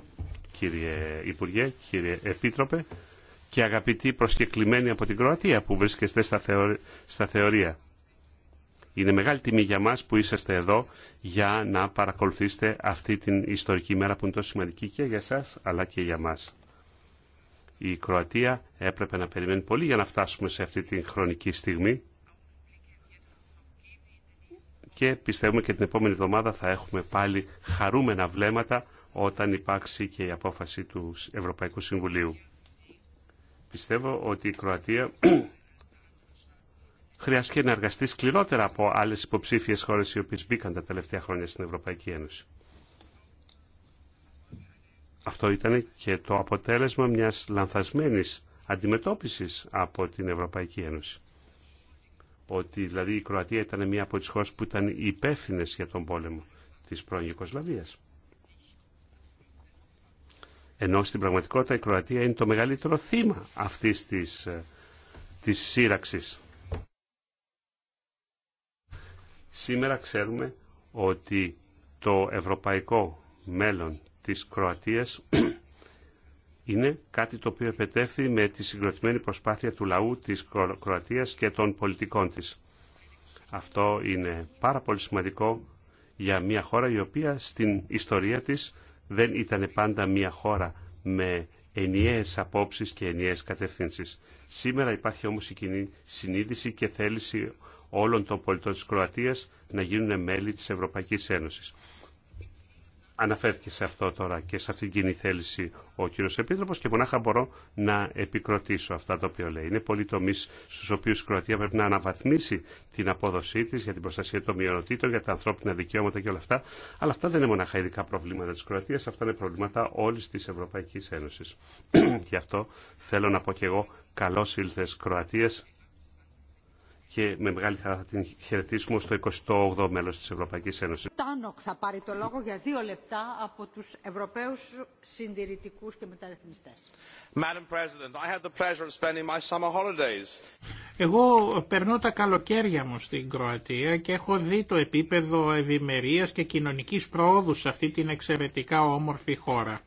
κύριε Υπουργέ, κύριε Επίτροπε και αγαπητοί προσκεκλημένοι από την Κροατία που βρίσκεστε στα, θεωρία είναι μεγάλη τιμή για μας που είσαστε εδώ για να παρακολουθήσετε αυτή την ιστορική μέρα που είναι τόσο σημαντική και για εσάς αλλά και για μας. Η Κροατία έπρεπε να περιμένει πολύ για να φτάσουμε σε αυτή την χρονική στιγμή και πιστεύουμε και την επόμενη εβδομάδα θα έχουμε πάλι χαρούμενα βλέμματα όταν υπάρξει και η απόφαση του Ευρωπαϊκού Συμβουλίου. Πιστεύω ότι η Κροατία χρειάστηκε να εργαστεί σκληρότερα από άλλες υποψήφιες χώρες οι οποίες μπήκαν τα τελευταία χρόνια στην Ευρωπαϊκή Ένωση. Αυτό ήταν και το αποτέλεσμα μιας λανθασμένης αντιμετώπισης από την Ευρωπαϊκή Ένωση. Ότι δηλαδή η Κροατία ήταν μία από τις χώρες που ήταν υπεύθυνε για τον πόλεμο της πρώην Ιουκοσλαβίας. Ενώ στην πραγματικότητα η Κροατία είναι το μεγαλύτερο θύμα αυτής της, ε, της σύραξης Σήμερα ξέρουμε ότι το ευρωπαϊκό μέλλον της Κροατίας <clears throat> είναι κάτι το οποίο επετεύθη με τη συγκροτημένη προσπάθεια του λαού της Κροατίας και των πολιτικών της. Αυτό είναι πάρα πολύ σημαντικό για μια χώρα η οποία στην ιστορία της δεν ήταν πάντα μια χώρα με ενιαίες απόψεις και ενιαίες κατευθύνσεις. Σήμερα υπάρχει όμως η κοινή συνείδηση και θέληση όλων των πολιτών της Κροατίας να γίνουν μέλη της Ευρωπαϊκής Ένωσης. Αναφέρθηκε σε αυτό τώρα και σε αυτήν την κοινή θέληση ο κύριο Επίτροπο και μονάχα μπορώ να επικροτήσω αυτά τα οποία λέει. Είναι πολλοί τομεί στου οποίου η Κροατία πρέπει να αναβαθμίσει την απόδοσή τη για την προστασία των μειονοτήτων, για τα ανθρώπινα δικαιώματα και όλα αυτά. Αλλά αυτά δεν είναι μονάχα ειδικά προβλήματα τη Κροατία, αυτά είναι προβλήματα όλη τη Ευρωπαϊκή Ένωση. <clears throat> Γι' αυτό θέλω να πω και εγώ καλώ ήλθε Κροατία και με μεγάλη χαρά θα την χαιρετήσουμε στο 28ο μέλος της Ευρωπαϊκής Ένωσης. Τάνοκ θα πάρει το λόγο για δύο λεπτά από τους Ευρωπαίους συντηρητικούς και μεταρρυθμιστές. Madam President, I had the pleasure of spending my summer holidays. Εγώ περνώ τα καλοκαίρια μου στην Κροατία και έχω δει το επίπεδο ευημερίας και κοινωνικής προόδου σε αυτή την εξαιρετικά όμορφη χώρα.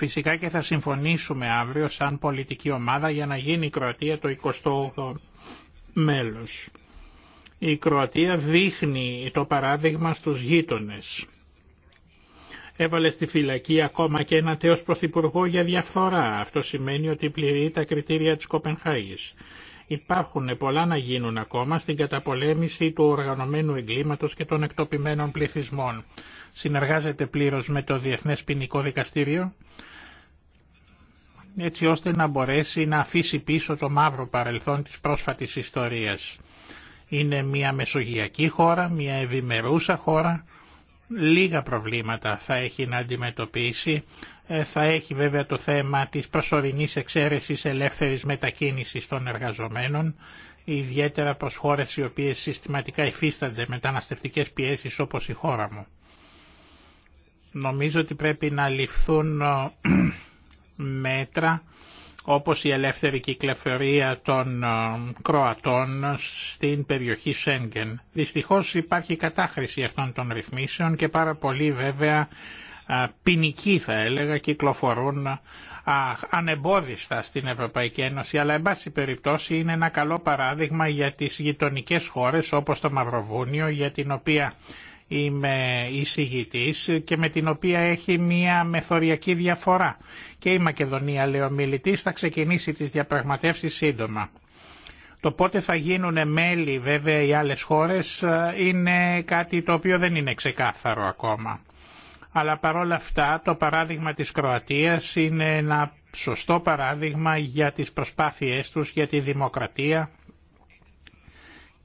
Φυσικά και θα συμφωνήσουμε αύριο σαν πολιτική ομάδα για να γίνει η Κροατία το 28ο μέλος. Η Κροατία δείχνει το παράδειγμα στους γείτονες. Έβαλε στη φυλακή ακόμα και ένα τέος πρωθυπουργό για διαφθορά. Αυτό σημαίνει ότι πληρεί τα κριτήρια της Κοπενχάγης. Υπάρχουν πολλά να γίνουν ακόμα στην καταπολέμηση του οργανωμένου εγκλήματος και των εκτοπιμένων πληθυσμών. Συνεργάζεται πλήρως με το Διεθνές Ποινικό Δικαστήριο έτσι ώστε να μπορέσει να αφήσει πίσω το μαύρο παρελθόν της πρόσφατης ιστορίας. Είναι μια μεσογειακή χώρα, μια ευημερούσα χώρα, λίγα προβλήματα θα έχει να αντιμετωπίσει ε, θα έχει βέβαια το θέμα της προσωρινής εξαίρεσης ελεύθερης μετακίνησης των εργαζομένων, ιδιαίτερα προς χώρες οι οποίες συστηματικά υφίστανται μεταναστευτικές πιέσεις όπως η χώρα μου. Νομίζω ότι πρέπει να ληφθούν ε, <clears throat> μέτρα όπως η ελεύθερη κυκλοφορία των ε, Κροατών στην περιοχή Σέγγεν. Δυστυχώς υπάρχει κατάχρηση αυτών των ρυθμίσεων και πάρα πολλοί βέβαια ποινικοί θα έλεγα κυκλοφορούν ανεμπόδιστα στην Ευρωπαϊκή Ένωση αλλά εν πάση περιπτώσει είναι ένα καλό παράδειγμα για τις γειτονικέ χώρες όπως το Μαυροβούνιο για την οποία είμαι εισηγητής και με την οποία έχει μία μεθοριακή διαφορά. Και η Μακεδονία, λέει ο μιλητής, θα ξεκινήσει τις διαπραγματεύσεις σύντομα. Το πότε θα γίνουν μέλη βέβαια οι άλλες χώρες είναι κάτι το οποίο δεν είναι ξεκάθαρο ακόμα αλλά παρόλα αυτά το παράδειγμα της Κροατίας είναι ένα σωστό παράδειγμα για τις προσπάθειές τους για τη δημοκρατία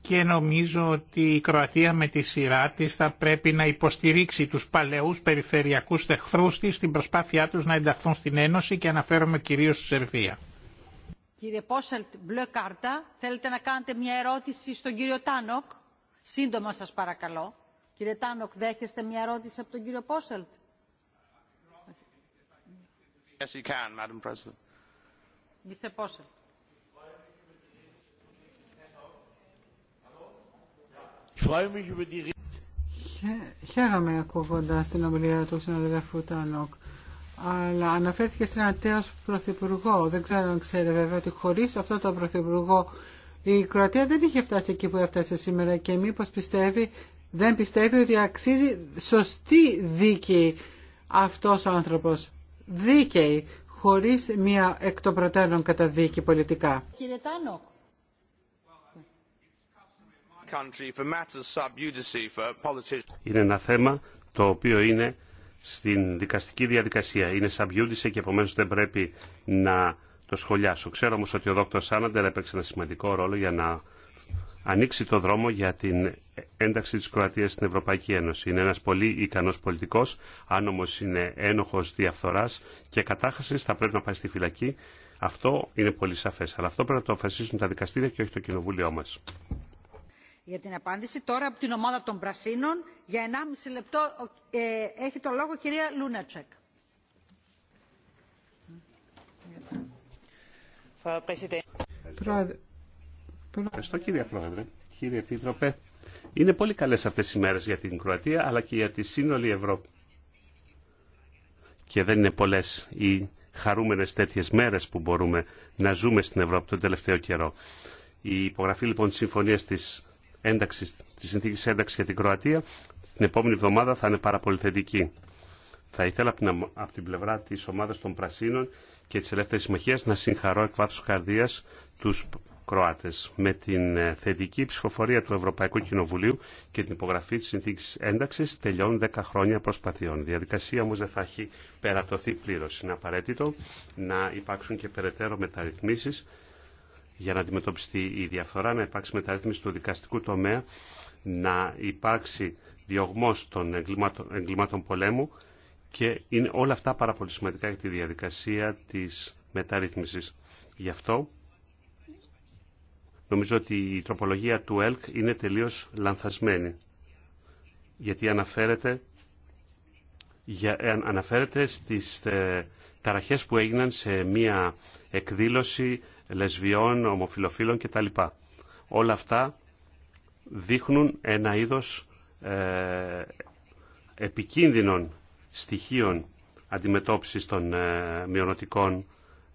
και νομίζω ότι η Κροατία με τη σειρά της θα πρέπει να υποστηρίξει τους παλαιούς περιφερειακούς τεχθρούς της στην προσπάθειά τους να ενταχθούν στην Ένωση και αναφέρομαι κυρίως στη Σερβία. Κύριε Πόσελτ, μπλε κάρτα. Θέλετε να κάνετε μια ερώτηση στον κύριο Τάνοκ. Σύντομα σας παρακαλώ. Κύριε Τάνοκ, δέχεστε μια ερώτηση από τον κύριο Πόσελτ. Yes, you Χαίρομαι ακούγοντα την ομιλία του συναδελφού Τάνοκ. Αλλά αναφέρθηκε στην ατέο πρωθυπουργό. Δεν ξέρω αν ξέρει βέβαια ότι χωρί αυτό τον πρωθυπουργό η Κροατία δεν είχε φτάσει εκεί που έφτασε σήμερα και μήπω πιστεύει δεν πιστεύει ότι αξίζει σωστή δίκη αυτός ο άνθρωπος. Δίκαιη, χωρίς μια εκ των προτέρων καταδίκη πολιτικά. Είναι ένα θέμα το οποίο είναι στην δικαστική διαδικασία. Είναι σαμπιούντισε και επομένως δεν πρέπει να το σχολιάσω. Ξέρω όμως ότι ο Δόκτωρ Σάναντερ έπαιξε ένα σημαντικό ρόλο για να ανοίξει το δρόμο για την ένταξη της Κροατίας στην Ευρωπαϊκή Ένωση. Είναι ένας πολύ ικανός πολιτικός, αν όμως είναι ένοχος διαφθοράς και κατάχασης θα πρέπει να πάει στη φυλακή. Αυτό είναι πολύ σαφές, αλλά αυτό πρέπει να το αποφασίσουν τα δικαστήρια και όχι το κοινοβούλιο μας. Για την απάντηση τώρα από την ομάδα των Πρασίνων, για 1,5 λεπτό ε, έχει το λόγο κυρία Λούνατσεκ. Πρόεδρε, Ευχαριστώ κύριε Πρόεδρε, κύριε Επίτροπε. Είναι πολύ καλές αυτές οι μέρες για την Κροατία αλλά και για τη σύνολη Ευρώπη. Και δεν είναι πολλές οι χαρούμενες τέτοιες μέρες που μπορούμε να ζούμε στην Ευρώπη τον τελευταίο καιρό. Η υπογραφή λοιπόν της συμφωνίας της, ένταξης, της συνθήκης ένταξης για την Κροατία την επόμενη εβδομάδα θα είναι πάρα πολύ θετική. Θα ήθελα από την πλευρά της ομάδας των Πρασίνων και της Ελεύθερης Συμμαχίας να συγχαρώ εκ βάθους καρδίας τους με την ε, θετική ψηφοφορία του Ευρωπαϊκού Κοινοβουλίου και την υπογραφή της συνθήκης ένταξης τελειώνουν 10 χρόνια προσπαθειών. Η διαδικασία όμως δεν θα έχει περατωθεί πλήρως. Είναι απαραίτητο να υπάρξουν και περαιτέρω μεταρρυθμίσεις για να αντιμετωπιστεί η διαφθορά, να υπάρξει μεταρρύθμιση του δικαστικού τομέα, να υπάρξει διωγμός των εγκλημάτων, εγκλημάτων πολέμου και είναι όλα αυτά πάρα πολύ σημαντικά για τη διαδικασία της μεταρρύθμισης. Γι' αυτό Νομίζω ότι η τροπολογία του ΕΛΚ είναι τελείως λανθασμένη. Γιατί αναφέρεται, για, ε, αναφέρεται στις ε, ταραχές που έγιναν σε μία εκδήλωση λεσβιών, ομοφιλοφίλων κτλ. Όλα αυτά δείχνουν ένα είδος ε, επικίνδυνων στοιχείων αντιμετώπισης των ε,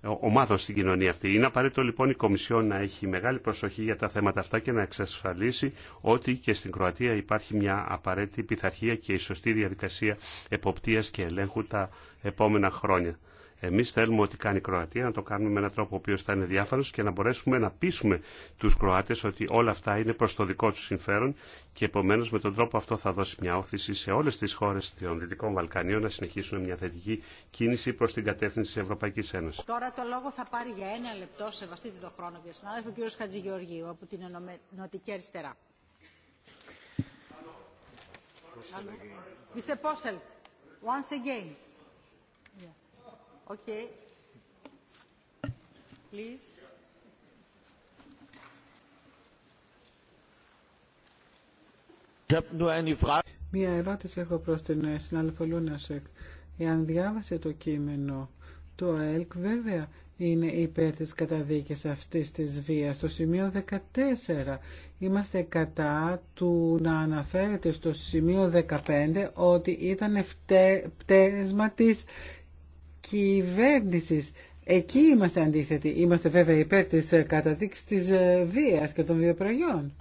ομάδων στην κοινωνία αυτή. Είναι απαραίτητο λοιπόν η Κομισιόν να έχει μεγάλη προσοχή για τα θέματα αυτά και να εξασφαλίσει ότι και στην Κροατία υπάρχει μια απαραίτητη πειθαρχία και η σωστή διαδικασία εποπτείας και ελέγχου τα επόμενα χρόνια. Εμεί θέλουμε ό,τι κάνει η Κροατία να το κάνουμε με έναν τρόπο ο οποίο θα είναι διάφανο και να μπορέσουμε να πείσουμε του Κροάτε ότι όλα αυτά είναι προ το δικό του συμφέρον και επομένω με τον τρόπο αυτό θα δώσει μια όθηση σε όλε τι χώρε των Δυτικών Βαλκανίων να συνεχίσουν μια θετική κίνηση προ την κατεύθυνση τη Ευρωπαϊκή Ένωση. Τώρα το λόγο θα πάρει για ένα λεπτό, σεβαστείτε το χρόνο και συνάδελφο, ο κ. Χατζηγεωργίου από την Ενωτική Αριστερά. Once again. Μία ερώτηση έχω προ την ε, συνάδελφο Λούνασεκ. Εάν διάβασε το κείμενο το ΑΕΛΚ βέβαια είναι υπέρ τη καταδίκη αυτή τη βία Στο σημείο 14 είμαστε κατά του να αναφέρεται στο σημείο 15 ότι ήταν πτέσμα τη κυβέρνησης. Εκεί είμαστε αντίθετοι. Είμαστε βέβαια υπέρ της ε, καταδείξης τη ε, βία και των βιοπραγιών.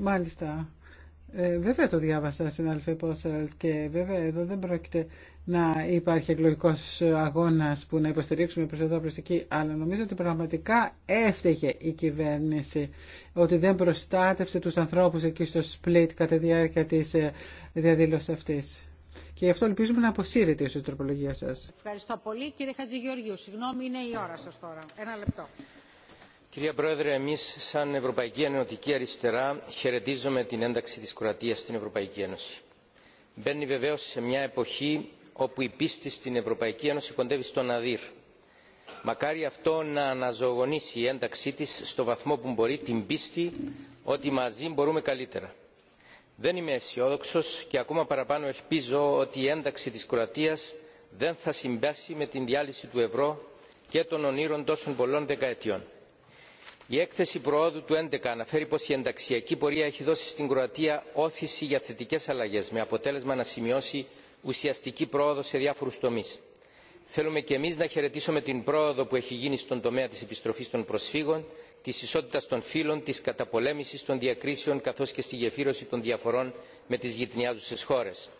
Μάλιστα. Ε, βέβαια το διάβασα στην Αλφεπόσαλ και βέβαια εδώ δεν πρόκειται να υπάρχει εκλογικό αγώνα που να υποστηρίξουμε προ εδώ εκεί. αλλά νομίζω ότι πραγματικά έφταιγε η κυβέρνηση ότι δεν προστάτευσε του ανθρώπου εκεί στο σπλίτ κατά τη διάρκεια τη ε, διαδήλωση αυτή. Και γι' αυτό ελπίζουμε να αποσύρετε η τροπολογία σα. Ευχαριστώ πολύ, κύριε Χατζηγεωργίου. Συγγνώμη, είναι η ώρα σα τώρα. Ένα λεπτό. Κυρία Πρόεδρε, εμείς σαν Ευρωπαϊκή Ενωτική Αριστερά χαιρετίζουμε την ένταξη της Κροατίας στην Ευρωπαϊκή Ένωση. Μπαίνει βεβαίως σε μια εποχή όπου η πίστη στην Ευρωπαϊκή Ένωση κοντεύει στον ναδύρ Μακάρι αυτό να αναζωογονήσει η ένταξή της στο βαθμό που μπορεί την πίστη ότι μαζί μπορούμε καλύτερα. Δεν είμαι αισιόδοξο και ακόμα παραπάνω ελπίζω ότι η ένταξη της Κροατίας δεν θα συμπέσει με την διάλυση του ευρώ και των ονείρων τόσων πολλών δεκαετιών η έκθεση προόδου του 2011 αναφέρει πως η ενταξιακή πορεία έχει δώσει στην Κροατία όθηση για θετικές αλλαγές με αποτέλεσμα να σημειώσει ουσιαστική πρόοδο σε διάφορους τομείς. Θέλουμε και εμείς να χαιρετήσουμε την πρόοδο που έχει γίνει στον τομέα της επιστροφής των προσφύγων, της ισότητας των φύλων, της καταπολέμησης των διακρίσεων καθώς και στη γεφύρωση των διαφορών με τις γειτονιάζουσες χώρες.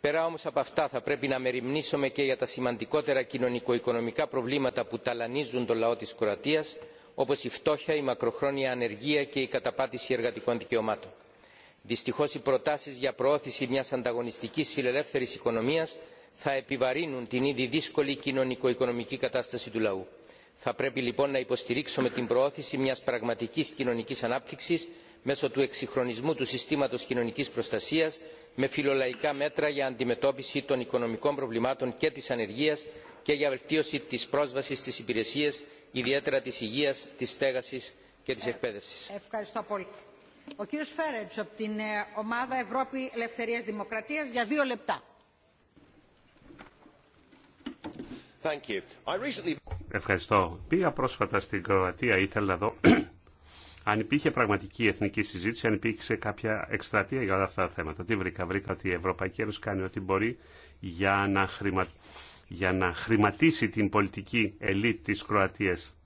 Πέρα όμως από αυτά θα πρέπει να μεριμνήσουμε και για τα σημαντικότερα κοινωνικο-οικονομικά προβλήματα που ταλανίζουν τον λαό της Κροατίας, όπως η φτώχεια, η μακροχρόνια ανεργία και η καταπάτηση εργατικών δικαιωμάτων. Δυστυχώς οι προτάσεις για προώθηση μιας ανταγωνιστικής φιλελεύθερης οικονομίας θα επιβαρύνουν την ήδη δύσκολη κοινωνικο-οικονομική κατάσταση του λαού. Θα πρέπει λοιπόν να υποστηρίξουμε την προώθηση μιας πραγματικής κοινωνικής ανάπτυξης μέσω του εξυγχρονισμού του συστήματος κοινωνικής προστασίας με φιλολαϊκά μέτρα για αντιμετώπιση των οικονομικών προβλημάτων και της ανεργίας και για βελτίωση της πρόσβασης στις υπηρεσίες ιδιαίτερα της υγείας, της στέγασης και της ε, εκπαίδευσης. Ευχαριστώ πολύ. Ο κύριος Φέρετς από την ε, ομάδα Ευρώπη Ελευθερίας Δημοκρατίας για δύο λεπτά. Ευχαριστώ. Πήγα πρόσφατα στην Κροατία, ήθελα να δω αν υπήρχε πραγματική εθνική συζήτηση, αν υπήρξε κάποια εκστρατεία για όλα αυτά τα θέματα. Τι βρήκα, βρήκα ότι η Ευρωπαϊκή Ένωση κάνει ό,τι μπορεί για να χρηματοδοτήσει για να χρηματίσει την πολιτική ελίτ της Κροατίας.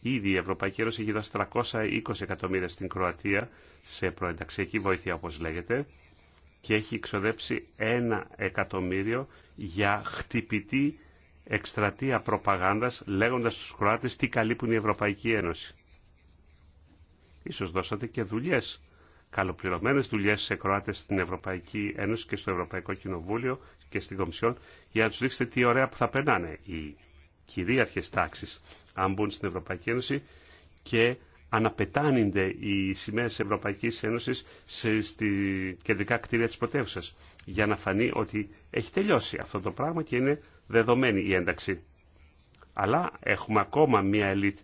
Ήδη η Ευρωπαϊκή Ένωση έχει δώσει 320 εκατομμύρια στην Κροατία σε προενταξιακή βοήθεια όπως λέγεται και έχει εξοδέψει ένα εκατομμύριο για χτυπητή εκστρατεία προπαγάνδας λέγοντας στους Κροάτες τι καλύπτουν η Ευρωπαϊκή Ένωση. Ίσως δώσατε και δουλειές καλοπληρωμένες δουλειές σε Κροάτες στην Ευρωπαϊκή Ένωση και στο Ευρωπαϊκό Κοινοβούλιο και στην Κομισιόν για να τους δείξετε τι ωραία που θα περνάνε οι κυρίαρχες τάξεις αν μπουν στην Ευρωπαϊκή Ένωση και αναπετάνονται οι σημαίε της Ευρωπαϊκής Ένωσης σε, στη κεντρικά κτίρια της πρωτεύουσα για να φανεί ότι έχει τελειώσει αυτό το πράγμα και είναι δεδομένη η ένταξη. Αλλά έχουμε ακόμα μία ελίτ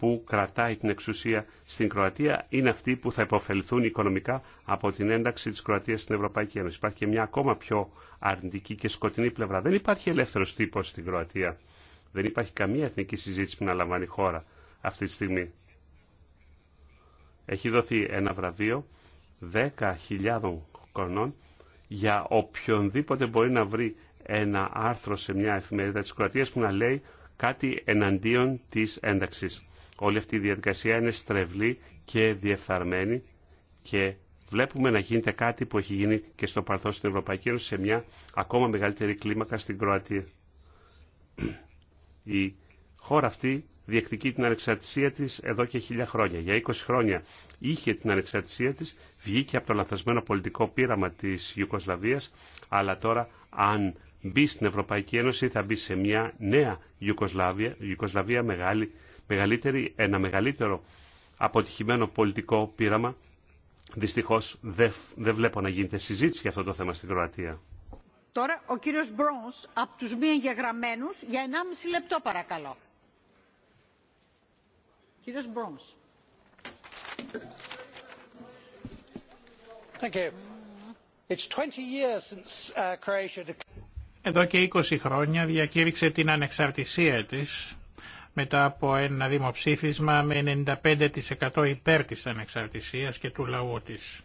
που κρατάει την εξουσία στην Κροατία είναι αυτοί που θα υποφεληθούν οικονομικά από την ένταξη της Κροατίας στην Ευρωπαϊκή Ένωση. Υπάρχει και μια ακόμα πιο αρνητική και σκοτεινή πλευρά. Δεν υπάρχει ελεύθερος τύπος στην Κροατία. Δεν υπάρχει καμία εθνική συζήτηση που να λαμβάνει η χώρα αυτή τη στιγμή. Έχει δοθεί ένα βραβείο 10.000 κονών για οποιονδήποτε μπορεί να βρει ένα άρθρο σε μια εφημερίδα της Κροατίας που να λέει κάτι εναντίον της ένταξης. Όλη αυτή η διαδικασία είναι στρεβλή και διεφθαρμένη και βλέπουμε να γίνεται κάτι που έχει γίνει και στο παρελθόν στην Ευρωπαϊκή Ένωση σε μια ακόμα μεγαλύτερη κλίμακα στην Κροατία. Η χώρα αυτή διεκδικεί την ανεξαρτησία της εδώ και χίλια χρόνια. Για 20 χρόνια είχε την ανεξαρτησία της, βγήκε από το λανθασμένο πολιτικό πείραμα της Ιουκοσλαβίας, αλλά τώρα αν μπει στην Ευρωπαϊκή Ένωση θα μπει σε μια νέα Ιουκοσλαβία, Ιουκοσλαβία μεγάλη μεγαλύτερη, ένα μεγαλύτερο αποτυχημένο πολιτικό πείραμα. Δυστυχώς δεν δε βλέπω να γίνεται συζήτηση για αυτό το θέμα στην Κροατία. Τώρα ο κύριος Μπρόνς από τους μη εγγεγραμμένους για 1,5 λεπτό παρακαλώ. Κύριος Μπρόνς. Uh, Εδώ και 20 χρόνια διακήρυξε την ανεξαρτησία της μετά από ένα δημοψήφισμα με 95% υπέρ της ανεξαρτησίας και του λαού της.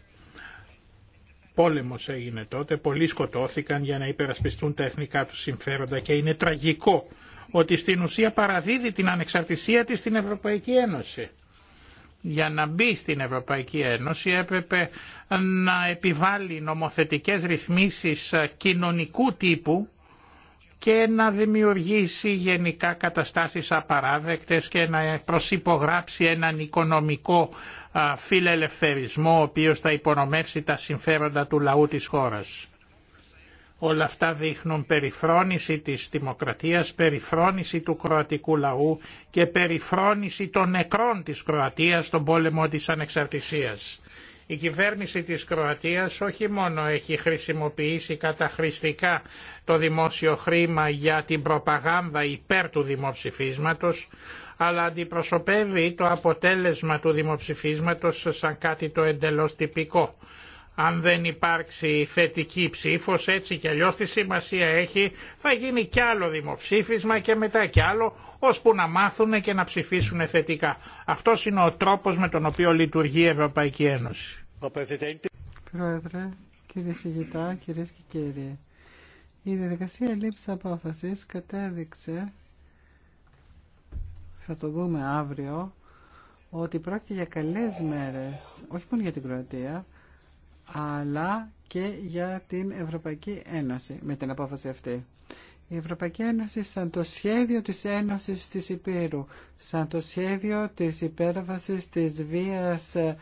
Πόλεμος έγινε τότε, πολλοί σκοτώθηκαν για να υπερασπιστούν τα εθνικά τους συμφέροντα και είναι τραγικό ότι στην ουσία παραδίδει την ανεξαρτησία της στην Ευρωπαϊκή Ένωση. Για να μπει στην Ευρωπαϊκή Ένωση έπρεπε να επιβάλλει νομοθετικές ρυθμίσεις κοινωνικού τύπου και να δημιουργήσει γενικά καταστάσεις απαράδεκτες και να προσυπογράψει έναν οικονομικό φιλελευθερισμό ο οποίος θα υπονομεύσει τα συμφέροντα του λαού της χώρας. Όλα αυτά δείχνουν περιφρόνηση της δημοκρατίας, περιφρόνηση του κροατικού λαού και περιφρόνηση των νεκρών της Κροατίας στον πόλεμο της ανεξαρτησίας. Η κυβέρνηση της Κροατίας όχι μόνο έχει χρησιμοποιήσει καταχρηστικά το δημόσιο χρήμα για την προπαγάνδα υπέρ του δημοψηφίσματος, αλλά αντιπροσωπεύει το αποτέλεσμα του δημοψηφίσματος σαν κάτι το εντελώς τυπικό αν δεν υπάρξει θετική ψήφος έτσι κι αλλιώς τη σημασία έχει θα γίνει κι άλλο δημοψήφισμα και μετά κι άλλο ώσπου να μάθουν και να ψηφίσουν θετικά. Αυτός είναι ο τρόπος με τον οποίο λειτουργεί η Ευρωπαϊκή Ένωση. Πρόεδρε, κύριε Σιγητά, κυρίες και κύριοι, η διαδικασία λήψης απόφασης κατέδειξε, θα το δούμε αύριο, ότι πρόκειται για καλές μέρες, όχι μόνο για την Κροατία, αλλά και για την Ευρωπαϊκή Ένωση με την απόφαση αυτή. Η Ευρωπαϊκή Ένωση σαν το σχέδιο της Ένωσης της Υπήρου, σαν το σχέδιο της υπέρβασης της βίας, ε,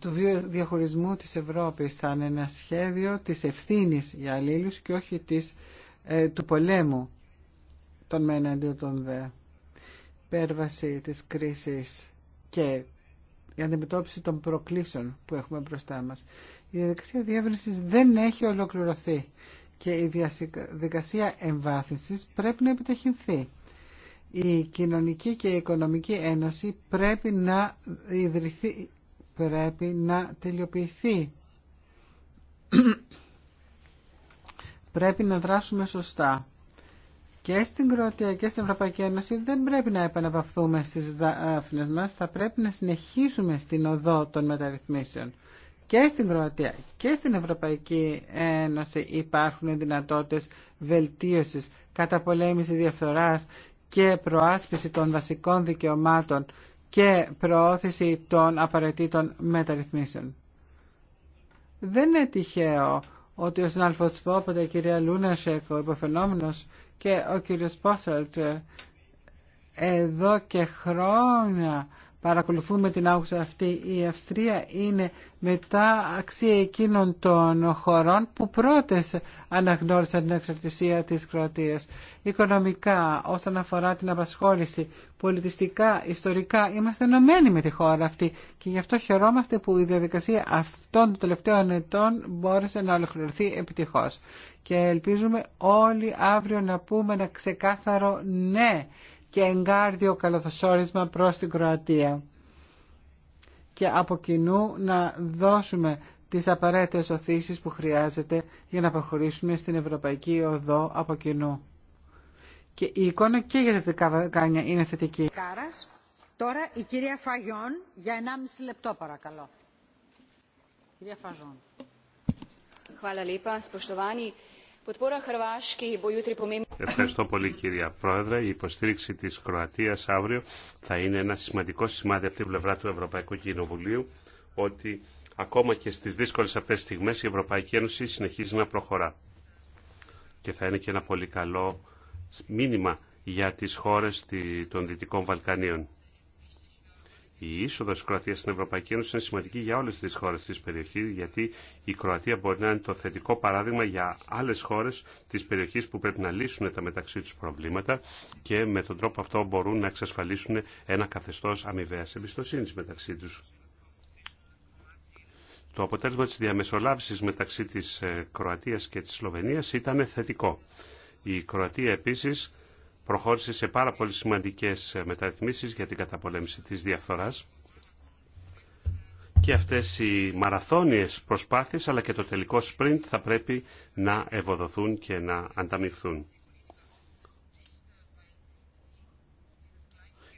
του διαχωρισμού της Ευρώπης, σαν ένα σχέδιο της ευθύνης για αλλήλους και όχι της, ε, του πολέμου των μεν αντίον των δε. Υπέρβαση της κρίσης και η αντιμετώπιση των προκλήσεων που έχουμε μπροστά μας. Η διαδικασία διεύρυνση δεν έχει ολοκληρωθεί και η διαδικασία εμβάθυνση πρέπει να επιτεχυνθεί. Η κοινωνική και η οικονομική ένωση πρέπει να ιδρυθεί, πρέπει να τελειοποιηθεί. πρέπει να δράσουμε σωστά. Και στην Κροατία και στην Ευρωπαϊκή Ένωση δεν πρέπει να επαναπαυθούμε στις δάφνες ε, μας, θα πρέπει να συνεχίσουμε στην οδό των μεταρρυθμίσεων και στην Κροατία και στην Ευρωπαϊκή Ένωση υπάρχουν δυνατότητες βελτίωσης, καταπολέμηση διαφθοράς και προάσπιση των βασικών δικαιωμάτων και προώθηση των απαραίτητων μεταρρυθμίσεων. Δεν είναι τυχαίο ότι ο συνάλφος και η κυρία Λούνασεκ, ο υποφαινόμενος και ο κύριος Πόσελτ εδώ και χρόνια παρακολουθούμε την άγουσα αυτή. Η Αυστρία είναι μετά αξία εκείνων των χωρών που πρώτες αναγνώρισαν την εξαρτησία της Κροατίας. Οικονομικά, όσον αφορά την απασχόληση, πολιτιστικά, ιστορικά, είμαστε ενωμένοι με τη χώρα αυτή και γι' αυτό χαιρόμαστε που η διαδικασία αυτών των τελευταίων ετών μπόρεσε να ολοκληρωθεί επιτυχώς. Και ελπίζουμε όλοι αύριο να πούμε ένα ξεκάθαρο ναι και εγκάρδιο καλαθοσόρισμα προς την Κροατία και από κοινού να δώσουμε τις απαραίτητες οθήσεις που χρειάζεται για να προχωρήσουμε στην Ευρωπαϊκή Οδό από κοινού. Και η εικόνα και για τα δικά είναι θετική. Κάρας. Τώρα η κυρία Φαγιόν για 1,5 λεπτό παρακαλώ. Κυρία Φαγιόν. Ευχαριστώ πολύ κυρία Πρόεδρε. Η υποστήριξη της Κροατίας αύριο θα είναι ένα σημαντικό σημάδι από την πλευρά του Ευρωπαϊκού Κοινοβουλίου ότι ακόμα και στις δύσκολες αυτές στιγμές η Ευρωπαϊκή Ένωση συνεχίζει να προχωρά. Και θα είναι και ένα πολύ καλό μήνυμα για τις χώρες των Δυτικών Βαλκανίων η είσοδο τη Κροατία στην Ευρωπαϊκή Ένωση είναι σημαντική για όλε τι χώρε τη περιοχή, γιατί η Κροατία μπορεί να είναι το θετικό παράδειγμα για άλλε χώρε τη περιοχή που πρέπει να λύσουν τα μεταξύ του προβλήματα και με τον τρόπο αυτό μπορούν να εξασφαλίσουν ένα καθεστώ αμοιβαία εμπιστοσύνη μεταξύ του. Το αποτέλεσμα τη διαμεσολάβησης μεταξύ τη ε, Κροατία και τη Σλοβενία ήταν θετικό. Η Κροατία επίσης προχώρησε σε πάρα πολύ σημαντικές μεταρρυθμίσεις για την καταπολέμηση της διαφθοράς και αυτές οι μαραθώνιες προσπάθειες αλλά και το τελικό σπριντ θα πρέπει να ευοδοθούν και να ανταμυφθούν.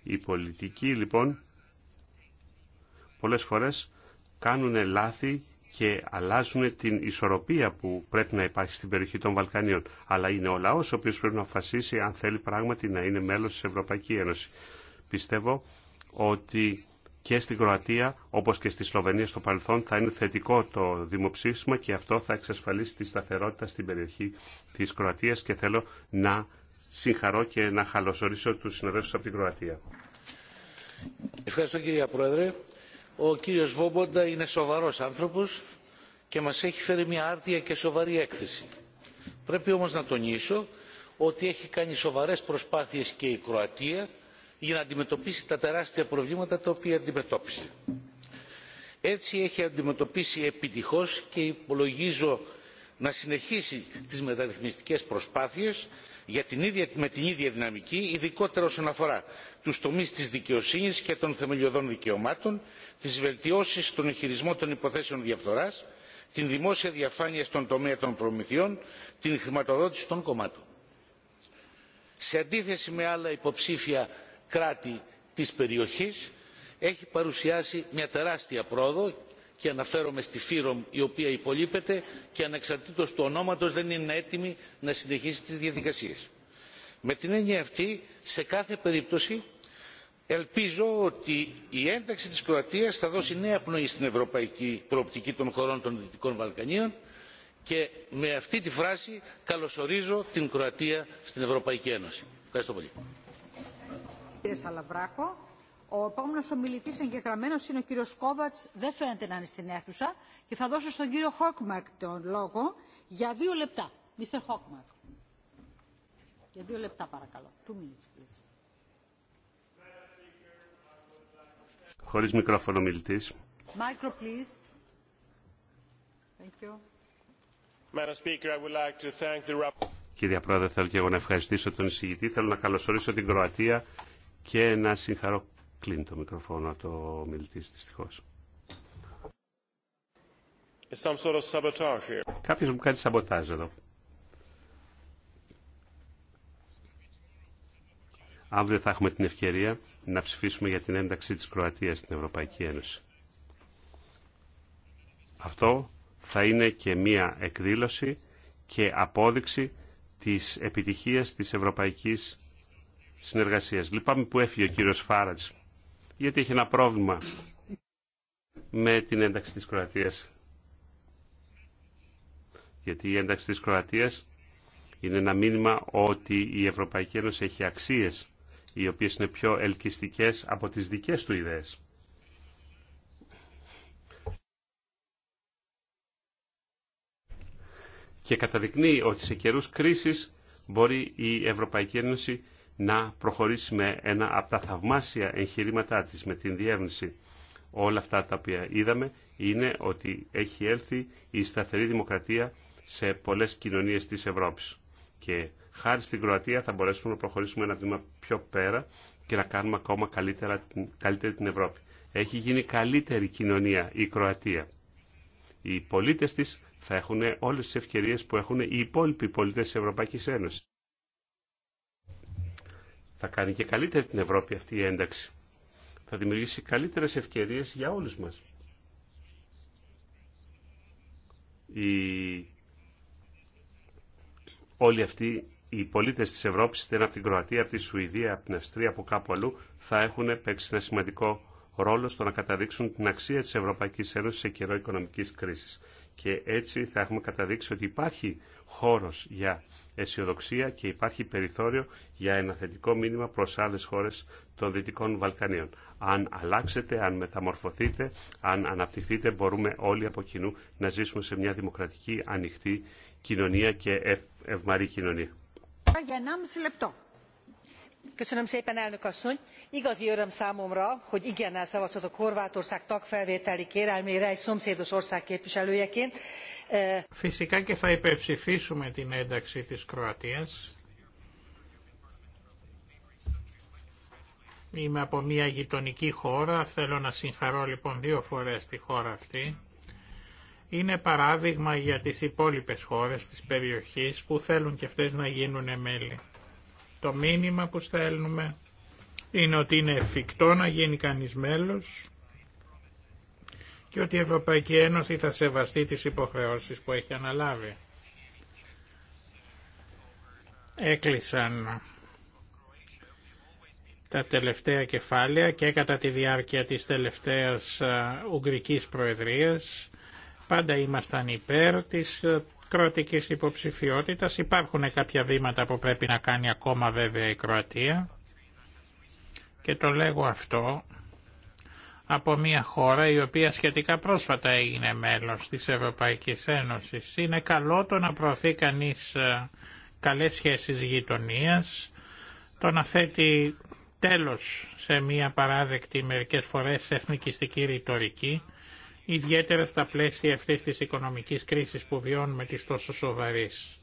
Οι πολιτικοί λοιπόν πολλές φορές κάνουν λάθη και αλλάζουν την ισορροπία που πρέπει να υπάρχει στην περιοχή των Βαλκανίων. Αλλά είναι ο λαός ο οποίος πρέπει να αποφασίσει αν θέλει πράγματι να είναι μέλος της Ευρωπαϊκής Ένωσης. Πιστεύω ότι και στην Κροατία, όπως και στη Σλοβενία στο παρελθόν, θα είναι θετικό το δημοψήφισμα και αυτό θα εξασφαλίσει τη σταθερότητα στην περιοχή της Κροατίας και θέλω να συγχαρώ και να χαλωσορίσω τους συναδέλφους από την Κροατία. Ευχαριστώ κύριε Πρόεδρε ο κύριος Βόμποντα είναι σοβαρός άνθρωπος και μας έχει φέρει μια άρτια και σοβαρή έκθεση. Πρέπει όμως να τονίσω ότι έχει κάνει σοβαρές προσπάθειες και η Κροατία για να αντιμετωπίσει τα τεράστια προβλήματα τα οποία αντιμετώπισε. Έτσι έχει αντιμετωπίσει επιτυχώς και υπολογίζω να συνεχίσει τις μεταρρυθμιστικές προσπάθειες για την ίδια, με την ίδια δυναμική, ειδικότερα όσον αφορά τους τομείς της δικαιοσύνης και των θεμελιωδών δικαιωμάτων, τις βελτιώσεις στον εγχειρισμό των υποθέσεων διαφθοράς, την δημόσια διαφάνεια στον τομέα των προμηθειών, την χρηματοδότηση των κομμάτων. Σε αντίθεση με άλλα υποψήφια κράτη της περιοχής, έχει παρουσιάσει μια τεράστια πρόοδο και αναφέρομαι στη ΦΥΡΟΜ η οποία υπολείπεται και ανεξαρτήτως του ονόματος δεν είναι έτοιμη να συνεχίσει τις διαδικασίες. με την έννοια αυτή σε κάθε περίπτωση ελπίζω ότι η ένταξη της κροατίας θα δώσει νέα πνοή στην ευρωπαϊκή προοπτική των χωρών των δυτικών βαλκανίων και με αυτή τη φράση καλωσορίζω την κροατία στην ευρωπαϊκή ένωση. ευχαριστώ πολύ. Ο επόμενο ομιλητή εγγεγραμμένο είναι ο κύριο Κόβατ. Δεν φαίνεται να είναι στην αίθουσα. Και θα δώσω στον κύριο Χόκμαρκ τον λόγο για δύο λεπτά. Μίστερ Χόκμαρκ. Για δύο λεπτά παρακαλώ. Two minutes, please. Χωρίς μικρόφωνο μιλητής. Micro, please. Thank you. Madam Speaker, I would like to thank the... Κύριε Πρόεδρε, θέλω και εγώ να ευχαριστήσω τον εισηγητή. Θέλω να καλωσορίσω την Κροατία και να συγχαρώ Κλείνει το μικροφόνο το μιλητής δυστυχώς. Κάποιος μου κάνει σαμποτάζ εδώ. Αύριο θα έχουμε την ευκαιρία να ψηφίσουμε για την ένταξη της Κροατίας στην Ευρωπαϊκή Ένωση. Αυτό θα είναι και μία εκδήλωση και απόδειξη της επιτυχίας της ευρωπαϊκής συνεργασίας. Λυπάμαι που έφυγε ο κύριος Φάρατς γιατί είχε ένα πρόβλημα με την ένταξη της Κροατίας. Γιατί η ένταξη της Κροατίας είναι ένα μήνυμα ότι η Ευρωπαϊκή Ένωση έχει αξίες οι οποίες είναι πιο ελκυστικές από τις δικές του ιδέες. Και καταδεικνύει ότι σε καιρούς κρίσης μπορεί η Ευρωπαϊκή Ένωση να προχωρήσει ένα από τα θαυμάσια εγχειρήματά της, με την διεύνηση. Όλα αυτά τα οποία είδαμε είναι ότι έχει έλθει η σταθερή δημοκρατία σε πολλές κοινωνίες της Ευρώπης. Και χάρη στην Κροατία θα μπορέσουμε να προχωρήσουμε ένα βήμα πιο πέρα και να κάνουμε ακόμα καλύτερα, καλύτερη την Ευρώπη. Έχει γίνει καλύτερη κοινωνία η Κροατία. Οι πολίτες της θα έχουν όλες τις ευκαιρίες που έχουν οι υπόλοιποι πολίτες της Ευρωπαϊκής Ένωσης. Θα κάνει και καλύτερη την Ευρώπη αυτή η ένταξη. Θα δημιουργήσει καλύτερες ευκαιρίες για όλους μας. Όλοι αυτοί οι πολίτες της Ευρώπης, είτε από την Κροατία, από τη Σουηδία, από την Αυστρία, από κάπου αλλού, θα έχουν παίξει ένα σημαντικό ρόλο στο να καταδείξουν την αξία της Ευρωπαϊκής Ένωσης σε καιρό οικονομικής κρίσης. Και έτσι θα έχουμε καταδείξει ότι υπάρχει χώρος για αισιοδοξία και υπάρχει περιθώριο για ένα θετικό μήνυμα προς άλλες χώρες των Δυτικών Βαλκανίων. Αν αλλάξετε, αν μεταμορφωθείτε, αν αναπτυχθείτε, μπορούμε όλοι από κοινού να ζήσουμε σε μια δημοκρατική, ανοιχτή κοινωνία και ευ ευμαρή κοινωνία. Για 1,5 λεπτό φυσικά και θα υπερψηφίσουμε την ένταξη της κροατίας. Είμαι από μια γειτονική χώρα, θέλω να συγχαρώ λοιπόν δύο φορές τη χώρα αυτή. Είναι παράδειγμα για τις υπόλοιπες χώρες της περιοχής που θέλουν και αυτές να γίνουν μέλη. Το μήνυμα που στέλνουμε είναι ότι είναι εφικτό να γίνει κανείς μέλος και ότι η Ευρωπαϊκή Ένωση θα σεβαστεί τις υποχρεώσεις που έχει αναλάβει. Έκλεισαν τα τελευταία κεφάλαια και κατά τη διάρκεια της τελευταίας Ουγγρικής Προεδρίας πάντα ήμασταν υπέρ της Κροατική υποψηφιότητα Υπάρχουν κάποια βήματα που πρέπει να κάνει ακόμα βέβαια η Κροατία και το λέγω αυτό από μια χώρα η οποία σχετικά πρόσφατα έγινε μέλος της Ευρωπαϊκής Ένωσης. Είναι καλό το να προωθεί κανείς ε, καλές σχέσεις γειτονίας, το να θέτει τέλος σε μια παράδεκτη μερικές φορές εθνικιστική ρητορική, ιδιαίτερα στα πλαίσια αυτής της οικονομικής κρίσης που βιώνουμε τις τόσο σοβαρής.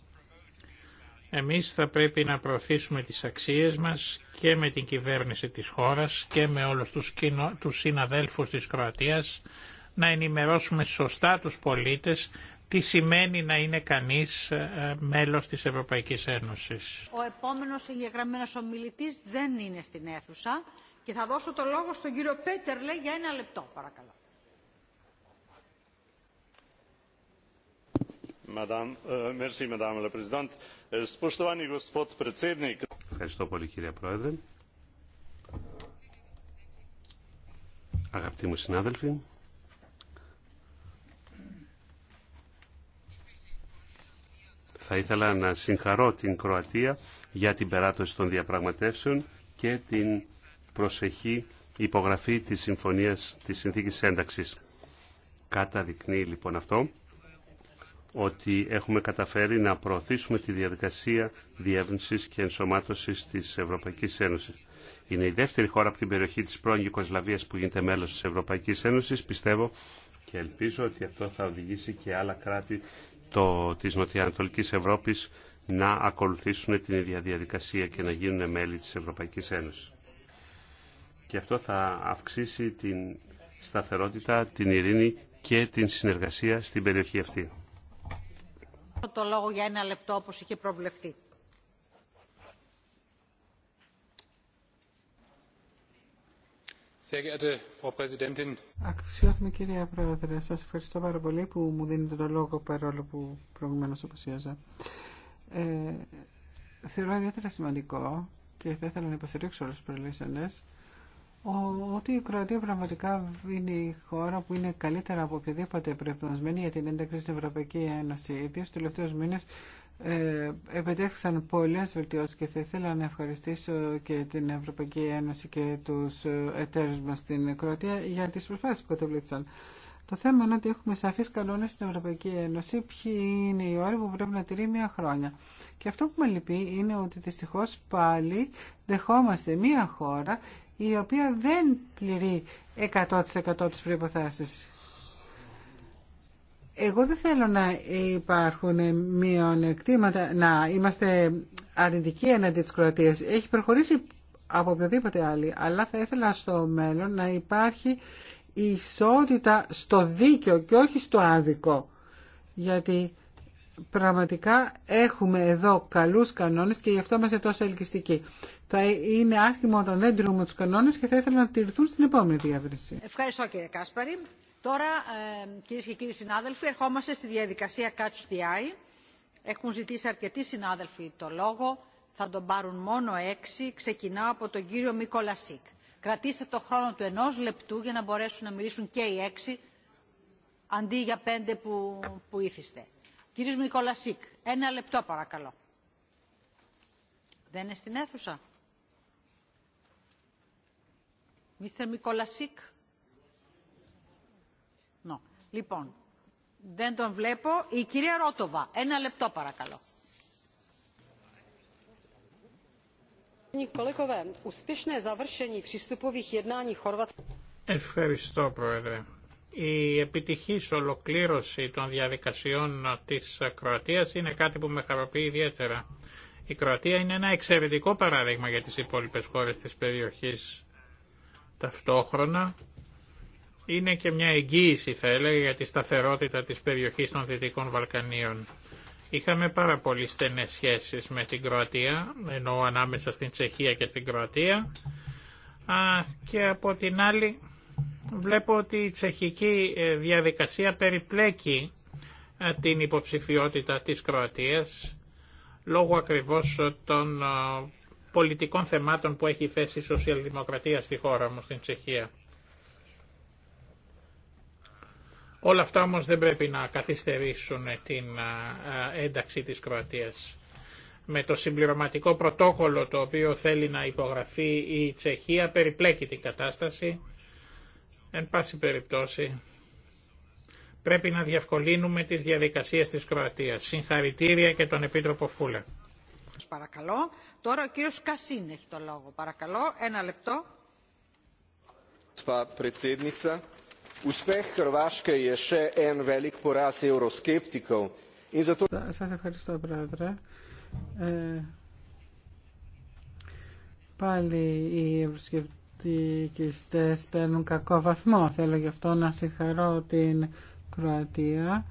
Εμείς θα πρέπει να προωθήσουμε τις αξίες μας και με την κυβέρνηση της χώρας και με όλους τους, κοινο... τους συναδέλφους της Κροατίας να ενημερώσουμε σωστά τους πολίτες τι σημαίνει να είναι κανείς ε, μέλος της Ευρωπαϊκής Ένωσης. Ο επόμενος εγγεγραμμένος ομιλητής δεν είναι στην αίθουσα και θα δώσω το λόγο στον κύριο Πέτερλε για ένα λεπτό παρακαλώ. Euh, euh, Ευχαριστώ πολύ κύριε Πρόεδρε. Αγαπητοί μου συνάδελφοι, θα ήθελα να συγχαρώ την Κροατία για την περάτωση των διαπραγματεύσεων και την προσεχή υπογραφή της συμφωνίας της συνθήκης ένταξης. Καταδεικνύει λοιπόν αυτό ότι έχουμε καταφέρει να προωθήσουμε τη διαδικασία διεύρυνσης και ενσωμάτωσης της Ευρωπαϊκής Ένωσης. Είναι η δεύτερη χώρα από την περιοχή της πρώην Ιουκοσλαβίας που γίνεται μέλος της Ευρωπαϊκής Ένωσης. Πιστεύω και ελπίζω ότι αυτό θα οδηγήσει και άλλα κράτη τη της Νοτιοανατολικής Ευρώπης να ακολουθήσουν την ίδια διαδικασία και να γίνουν μέλη της Ευρωπαϊκής Ένωσης. Και αυτό θα αυξήσει την σταθερότητα, την ειρήνη και την συνεργασία στην περιοχή αυτή. Το λόγο για ένα λεπτό όπως είχε προβλεφθεί. Αξιότιμη κυρία Πρόεδρε, σας ευχαριστώ πάρα πολύ που μου δίνετε το λόγο παρόλο που προηγουμένως αποσίαζα. Ε, θεωρώ ιδιαίτερα σημαντικό και θα ήθελα να υποστηρίξω όλους τους ότι η Κροατία πραγματικά είναι η χώρα που είναι καλύτερα από οποιαδήποτε προετοιμασμένη για την ένταξη στην Ευρωπαϊκή Ένωση. Οι δύο τελευταίου μήνε ε, επετέχθησαν πολλέ βελτιώσει και θα ήθελα να ευχαριστήσω και την Ευρωπαϊκή Ένωση και του ε, εταίρου μα στην Κροατία για τι προσπάθειε που κατεβλήθησαν. Το θέμα είναι ότι έχουμε σαφεί κανόνε στην Ευρωπαϊκή Ένωση, ποιοι είναι οι όροι που πρέπει να τηρεί μία χρόνια. Και αυτό που με λυπεί είναι ότι δυστυχώ πάλι δεχόμαστε μία χώρα η οποία δεν πληρεί 100% τις προϋποθέσεις. Εγώ δεν θέλω να υπάρχουν μειονεκτήματα, να είμαστε αρνητικοί εναντί της Κροατίας. Έχει προχωρήσει από οποιοδήποτε άλλη, αλλά θα ήθελα στο μέλλον να υπάρχει ισότητα στο δίκαιο και όχι στο άδικο. Γιατί πραγματικά έχουμε εδώ καλούς κανόνες και γι' αυτό είμαστε τόσο ελκυστικοί. Θα είναι άσχημο όταν δεν τηρούμε τους κανόνες και θα ήθελα να τηρηθούν στην επόμενη διάβριση. Ευχαριστώ κύριε Κάσπαρη. Τώρα, ε, κυρίε και κύριοι συνάδελφοι, ερχόμαστε στη διαδικασία Catch the Eye. Έχουν ζητήσει αρκετοί συνάδελφοι το λόγο. Θα τον πάρουν μόνο έξι. Ξεκινάω από τον κύριο Μίκολα Σίκ. Κρατήστε το χρόνο του ενός λεπτού για να μπορέσουν να μιλήσουν και οι έξι, αντί για πέντε που, που ήθιστε. Κύριε Μικολασίκ, ένα λεπτό παρακαλώ. Δεν είναι στην αίθουσα. Μίστερ Μικολασίκ. Λοιπόν, δεν τον βλέπω. Η κυρία Ρότοβα, ένα λεπτό παρακαλώ. Ευχαριστώ, Πρόεδρε. Η επιτυχής ολοκλήρωση των διαδικασιών της Κροατίας είναι κάτι που με χαροποιεί ιδιαίτερα. Η Κροατία είναι ένα εξαιρετικό παράδειγμα για τις υπόλοιπες χώρες της περιοχής. Ταυτόχρονα είναι και μια εγγύηση θα έλεγα για τη σταθερότητα της περιοχής των Δυτικών Βαλκανίων. Είχαμε πάρα πολύ στενές σχέσεις με την Κροατία, ενώ ανάμεσα στην Τσεχία και στην Κροατία. Α, και από την άλλη Βλέπω ότι η τσεχική ε, διαδικασία περιπλέκει ε, την υποψηφιότητα της Κροατίας λόγω ακριβώς των ε, πολιτικών θεμάτων που έχει θέσει η σοσιαλδημοκρατία στη χώρα μου, στην Τσεχία. Όλα αυτά όμως δεν πρέπει να καθυστερήσουν την ένταξη της Κροατίας. Με το συμπληρωματικό πρωτόκολλο το οποίο θέλει να υπογραφεί η Τσεχία περιπλέκει την κατάσταση Εν πάση περιπτώσει, πρέπει να διευκολύνουμε τις διαδικασίες της Κροατίας. Συγχαρητήρια και τον Επίτροπο Φούλε. Παρακαλώ. Τώρα ο κύριος Κασίν έχει το λόγο. Παρακαλώ, ένα λεπτό. Σας ευχαριστώ, Πρόεδρε. Ε, πάλι οι ευρωσκεπτικοί εθνικιστές παίρνουν κακό βαθμό. Θέλω γι' αυτό να συγχαρώ την Κροατία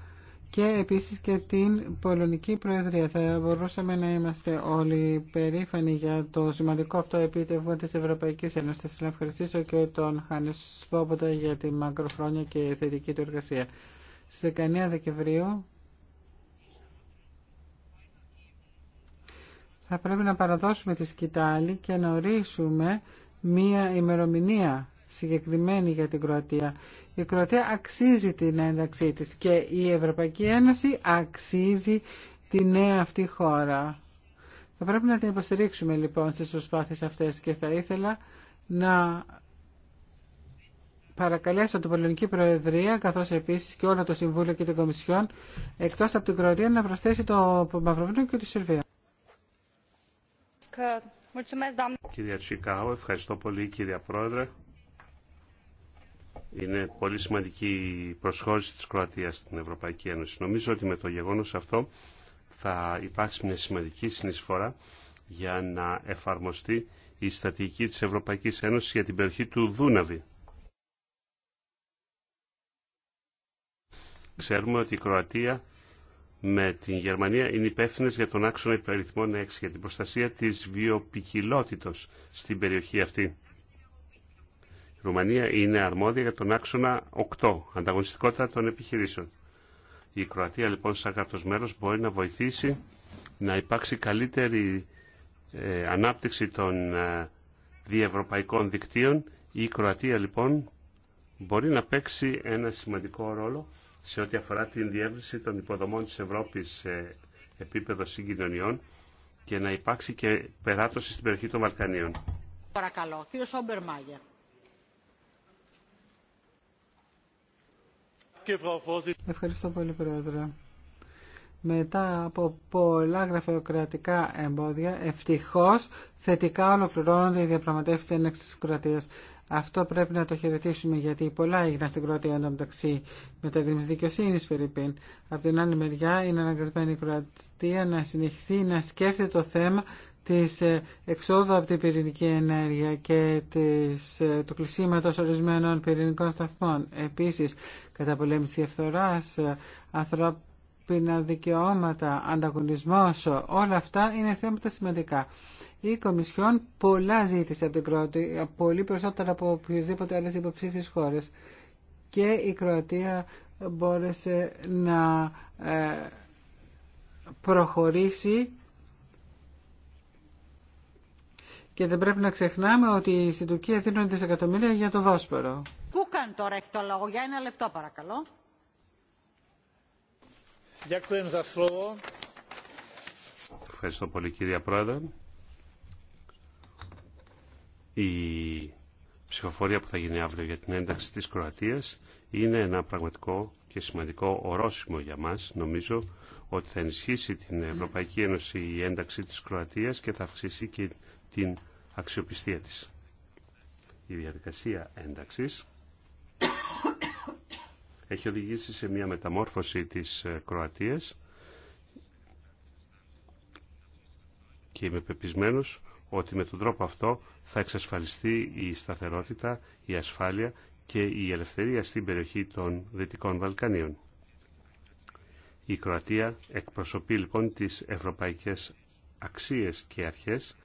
και επίσης και την Πολωνική Προεδρία. Θα μπορούσαμε να είμαστε όλοι περήφανοι για το σημαντικό αυτό επίτευγμα της Ευρωπαϊκής Ένωσης. Θα ευχαριστήσω και τον Χάνης Σφόμποτα για τη μακροχρόνια και θετική του εργασία. Στις 19 Δεκεμβρίου θα πρέπει να παραδώσουμε τη σκητάλη και να ορίσουμε μία ημερομηνία συγκεκριμένη για την Κροατία. Η Κροατία αξίζει την ένταξή της και η Ευρωπαϊκή Ένωση αξίζει τη νέα αυτή χώρα. Θα πρέπει να την υποστηρίξουμε λοιπόν στις προσπάθειες αυτές και θα ήθελα να παρακαλέσω την Πολωνική Προεδρία καθώς επίσης και όλο το Συμβούλιο και την Κομισιόν εκτός από την Κροατία να προσθέσει το Μαυροβουλίο και τη Σερβία. Κυρία Τσικάου, ευχαριστώ πολύ κυρία Πρόεδρε. Είναι πολύ σημαντική η προσχώρηση της Κροατίας στην Ευρωπαϊκή Ένωση. Νομίζω ότι με το γεγονός αυτό θα υπάρξει μια σημαντική συνεισφορά για να εφαρμοστεί η στατική της Ευρωπαϊκής Ένωσης για την περιοχή του Δούναβη. Ξέρουμε ότι η Κροατία με την Γερμανία είναι υπεύθυνε για τον άξονα υπεριθμών 6 για την προστασία της βιοπικιλότητος στην περιοχή αυτή. Η Ρουμανία είναι αρμόδια για τον άξονα 8, ανταγωνιστικότητα των επιχειρήσεων. Η Κροατία λοιπόν σαν κάτω μέρος μπορεί να βοηθήσει να υπάρξει καλύτερη ε, ανάπτυξη των ε, διευρωπαϊκών δικτύων. Η Κροατία λοιπόν μπορεί να παίξει ένα σημαντικό ρόλο σε ό,τι αφορά την διεύρυνση των υποδομών της Ευρώπης σε επίπεδο συγκοινωνιών και να υπάρξει και περάτωση στην περιοχή των Βαλκανίων. Παρακαλώ, κύριος Ευχαριστώ πολύ, Πρόεδρε. Μετά από πολλά γραφειοκρατικά εμπόδια, ευτυχώς θετικά ολοκληρώνονται οι διαπραγματεύσει έναξη τη Κρατίας. Αυτό πρέπει να το χαιρετήσουμε γιατί πολλά έγιναν στην Κροατία τα μεταρρύθμιση δικαιοσύνη Φερρυπίν. Από την άλλη μεριά είναι αναγκασμένη η Κροατία να συνεχιστεί να σκέφτεται το θέμα της ε, εξόδου από την πυρηνική ενέργεια και της, ε, του κλεισίματος ορισμένων πυρηνικών σταθμών. Επίσης, πολέμηση διαφθοράς, ε, ανθρώπινα δικαιώματα, ανταγωνισμός, όλα αυτά είναι θέματα σημαντικά η Κομισιόν πολλά ζήτησε από την Κροατία, πολύ περισσότερα από οποιασδήποτε άλλες υποψήφιες χώρες. Και η Κροατία μπόρεσε να ε, προχωρήσει και δεν πρέπει να ξεχνάμε ότι στην Τουρκία δίνουν δισεκατομμύρια για το Βόσπορο. Πού κάνει για ένα λεπτό παρακαλώ. Ευχαριστώ πολύ κυρία Πρόεδρε. Η ψηφοφορία που θα γίνει αύριο για την ένταξη της Κροατίας είναι ένα πραγματικό και σημαντικό ορόσημο για μας. Νομίζω ότι θα ενισχύσει την Ευρωπαϊκή Ένωση η ένταξη της Κροατίας και θα αυξήσει και την αξιοπιστία της. Η διαδικασία ένταξης έχει οδηγήσει σε μια μεταμόρφωση της ε, Κροατίας και είμαι πεπισμένος ότι με τον τρόπο αυτό θα εξασφαλιστεί η σταθερότητα, η ασφάλεια και η ελευθερία στην περιοχή των Δυτικών Βαλκανίων. Η Κροατία εκπροσωπεί λοιπόν τις ευρωπαϊκές αξίες και αρχές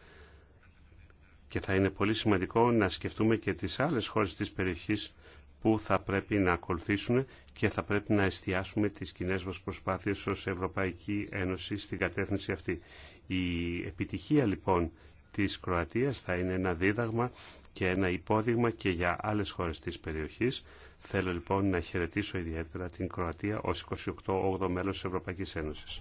και θα είναι πολύ σημαντικό να σκεφτούμε και τις άλλες χώρες της περιοχής που θα πρέπει να ακολουθήσουν και θα πρέπει να εστιάσουμε τις κοινέ μας προσπάθειες ως Ευρωπαϊκή Ένωση στην κατεύθυνση αυτή. Η επιτυχία λοιπόν της Κροατίας θα είναι ένα δίδαγμα και ένα υπόδειγμα και για άλλες χώρες της περιοχής. Θέλω λοιπόν να χαιρετήσω ιδιαίτερα την Κροατία ως 28 ο μέλος της Ευρωπαϊκής Ένωσης.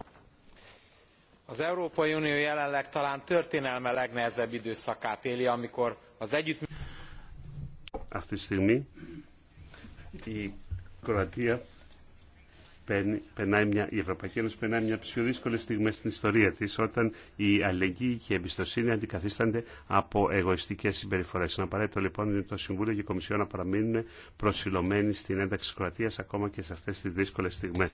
Az Európai Unió jelenleg talán történelme legnehezebb időszakát éli, amikor az Αυτή τη στιγμή η Κροατία περνάει μια, η Ευρωπαϊκή Ένωση περνάει μια από τις πιο δύσκολες στιγμές στην ιστορία της όταν η αλληλεγγύη και η εμπιστοσύνη αντικαθίστανται από εγωιστικές συμπεριφορές. Είναι απαραίτητο λοιπόν είναι το Συμβούλιο και η Κομισιόν να παραμείνουν προσιλωμένοι στην ένταξη της Κροατίας ακόμα και σε αυτές τις δύσκολες στιγμές.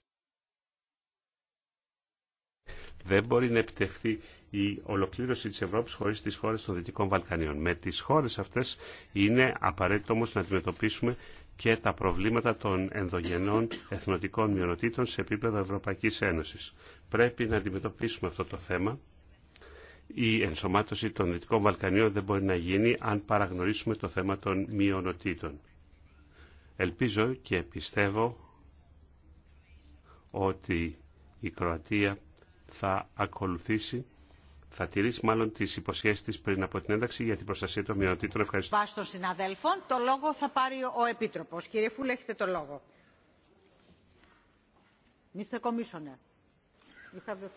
Δεν μπορεί να επιτευχθεί η ολοκλήρωση της Ευρώπης χωρίς τις χώρες των Δυτικών Βαλκανίων. Με τις χώρες αυτές είναι απαραίτητο όμως να αντιμετωπίσουμε και τα προβλήματα των ενδογενών εθνοτικών μειονοτήτων σε επίπεδο Ευρωπαϊκής Ένωσης. Πρέπει να αντιμετωπίσουμε αυτό το θέμα. Η ενσωμάτωση των Δυτικών Βαλκανίων δεν μπορεί να γίνει αν παραγνωρίσουμε το θέμα των μειονοτήτων. Ελπίζω και πιστεύω ότι η Κροατία θα ακολουθήσει θα τηρήσει μάλλον τις υποσχέσεις της πριν από την ένταξη για την προστασία των μειονοτήτων. Ευχαριστώ. Βάστο των συναδέλφων, το λόγο θα πάρει ο Επίτροπος. Κύριε Φούλε, έχετε το λόγο. Mr. Commissioner, you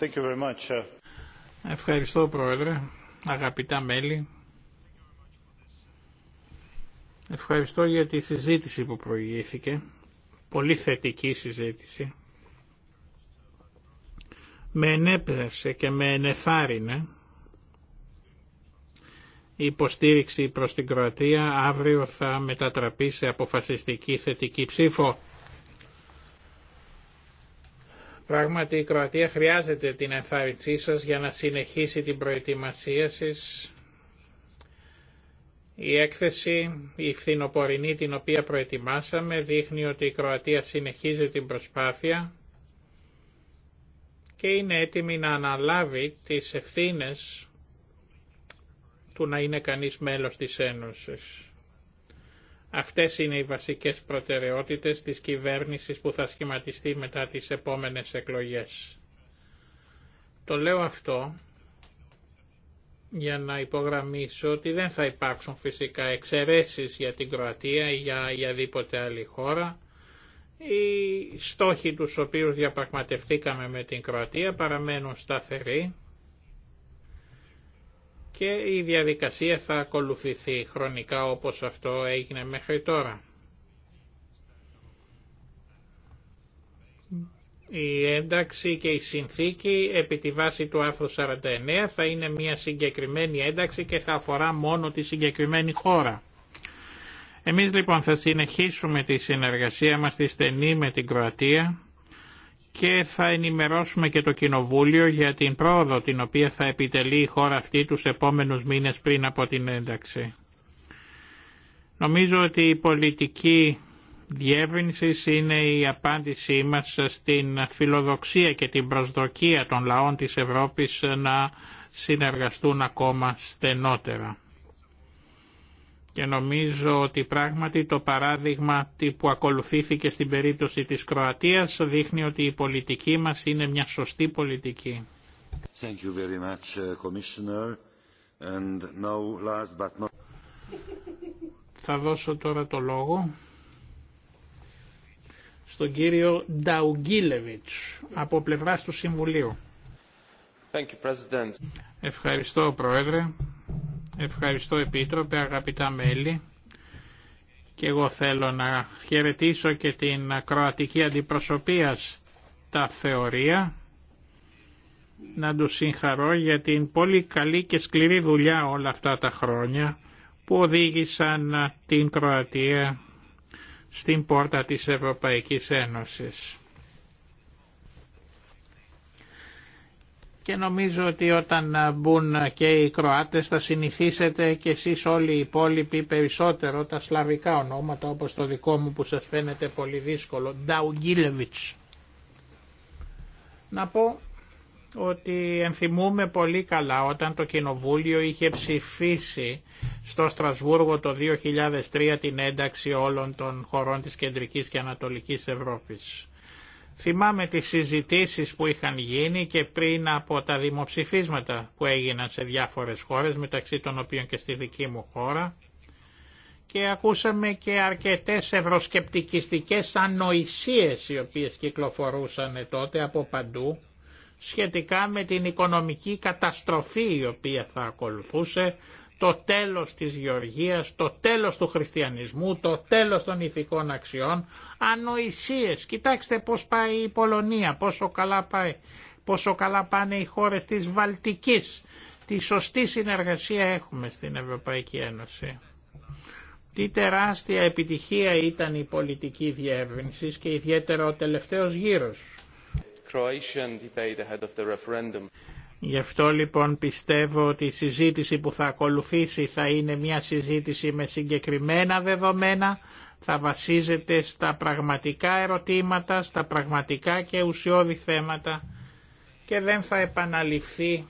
Thank you very much. Uh, ευχαριστώ, Πρόεδρε. Αγαπητά μέλη, ευχαριστώ για τη συζήτηση που προηγήθηκε. Πολύ θετική συζήτηση με ενέπνευσε και με ενεθάρρυνε η υποστήριξη προς την Κροατία αύριο θα μετατραπεί σε αποφασιστική θετική ψήφο. Πράγματι η Κροατία χρειάζεται την ενθάρρυνσή σας για να συνεχίσει την προετοιμασία σας. Η έκθεση, η φθινοπορεινή την οποία προετοιμάσαμε, δείχνει ότι η Κροατία συνεχίζει την προσπάθεια και είναι έτοιμη να αναλάβει τις ευθύνες του να είναι κανείς μέλος της Ένωσης. Αυτές είναι οι βασικές προτεραιότητες της κυβέρνησης που θα σχηματιστεί μετά τις επόμενες εκλογές. Το λέω αυτό για να υπογραμμίσω ότι δεν θα υπάρξουν φυσικά εξαιρέσεις για την Κροατία ή για οποιαδήποτε άλλη χώρα, οι στόχοι τους οποίους διαπραγματευτήκαμε με την Κροατία παραμένουν σταθεροί και η διαδικασία θα ακολουθηθεί χρονικά όπως αυτό έγινε μέχρι τώρα. Η ένταξη και η συνθήκη επί τη βάση του άρθρου 49 θα είναι μια συγκεκριμένη ένταξη και θα αφορά μόνο τη συγκεκριμένη χώρα. Εμείς λοιπόν θα συνεχίσουμε τη συνεργασία μας στη στενή με την Κροατία και θα ενημερώσουμε και το Κοινοβούλιο για την πρόοδο την οποία θα επιτελεί η χώρα αυτή τους επόμενους μήνες πριν από την ένταξη. Νομίζω ότι η πολιτική διεύρυνση είναι η απάντησή μας στην φιλοδοξία και την προσδοκία των λαών της Ευρώπης να συνεργαστούν ακόμα στενότερα και νομίζω ότι πράγματι το παράδειγμα που ακολουθήθηκε στην περίπτωση της Κροατίας δείχνει ότι η πολιτική μας είναι μια σωστή πολιτική. Θα δώσω τώρα το λόγο στον κύριο Νταουγκίλεβιτς από πλευράς του Συμβουλίου. Thank you, Ευχαριστώ, Πρόεδρε. Ευχαριστώ Επίτροπε, αγαπητά μέλη. Και εγώ θέλω να χαιρετήσω και την κροατική αντιπροσωπεία στα θεωρία. Να τους συγχαρώ για την πολύ καλή και σκληρή δουλειά όλα αυτά τα χρόνια που οδήγησαν την Κροατία στην πόρτα της Ευρωπαϊκής Ένωσης. και νομίζω ότι όταν μπουν και οι Κροάτες θα συνηθίσετε και εσείς όλοι οι υπόλοιποι περισσότερο τα σλαβικά ονόματα όπως το δικό μου που σας φαίνεται πολύ δύσκολο, Νταουγκίλεβιτς Να πω ότι ενθυμούμε πολύ καλά όταν το Κοινοβούλιο είχε ψηφίσει στο Στρασβούργο το 2003 την ένταξη όλων των χωρών της Κεντρικής και Ανατολικής Ευρώπης. Θυμάμαι τις συζητήσεις που είχαν γίνει και πριν από τα δημοψηφίσματα που έγιναν σε διάφορες χώρες, μεταξύ των οποίων και στη δική μου χώρα, και ακούσαμε και αρκετές ευρωσκεπτικιστικές ανοησίες οι οποίες κυκλοφορούσαν τότε από παντού σχετικά με την οικονομική καταστροφή η οποία θα ακολουθούσε, το τέλος της γεωργίας, το τέλος του χριστιανισμού, το τέλος των ηθικών αξιών, ανοησίες. Κοιτάξτε πώς πάει η Πολωνία, πόσο καλά, πάει, πόσο καλά πάνε οι χώρες της Βαλτικής. Τη σωστή συνεργασία έχουμε στην Ευρωπαϊκή Ένωση. Τι τεράστια επιτυχία ήταν η πολιτική διεύρυνση και ιδιαίτερα ο τελευταίος γύρος. Γι' αυτό λοιπόν πιστεύω ότι η συζήτηση που θα ακολουθήσει θα είναι μια συζήτηση με συγκεκριμένα δεδομένα, θα βασίζεται στα πραγματικά ερωτήματα, στα πραγματικά και ουσιώδη θέματα και δεν θα επαναληφθεί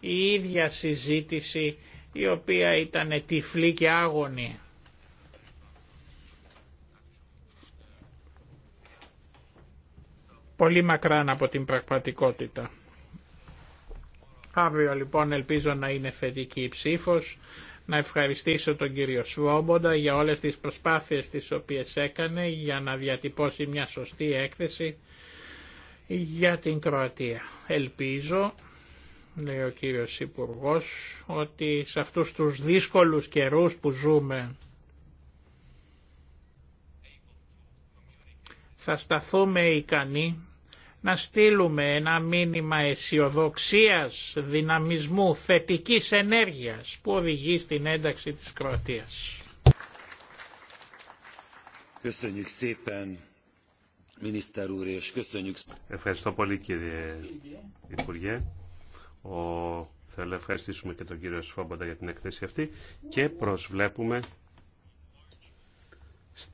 η ίδια συζήτηση η οποία ήταν τυφλή και άγωνη. Πολύ μακράν από την πραγματικότητα. Αύριο λοιπόν ελπίζω να είναι θετική η ψήφος. Να ευχαριστήσω τον κύριο Σβόμποντα για όλες τις προσπάθειες τις οποίες έκανε για να διατυπώσει μια σωστή έκθεση για την Κροατία. Ελπίζω, λέει ο κύριος υπουργό, ότι σε αυτούς τους δύσκολους καιρούς που ζούμε θα σταθούμε ικανοί να στείλουμε ένα μήνυμα αισιοδοξία, δυναμισμού, θετικής ενέργειας που οδηγεί στην ένταξη της Κροατίας. Ευχαριστώ πολύ κύριε Υπουργέ. Ο... Θέλω να ευχαριστήσουμε και τον κύριο Σφόμποντα για την εκθέση αυτή και προσβλέπουμε στη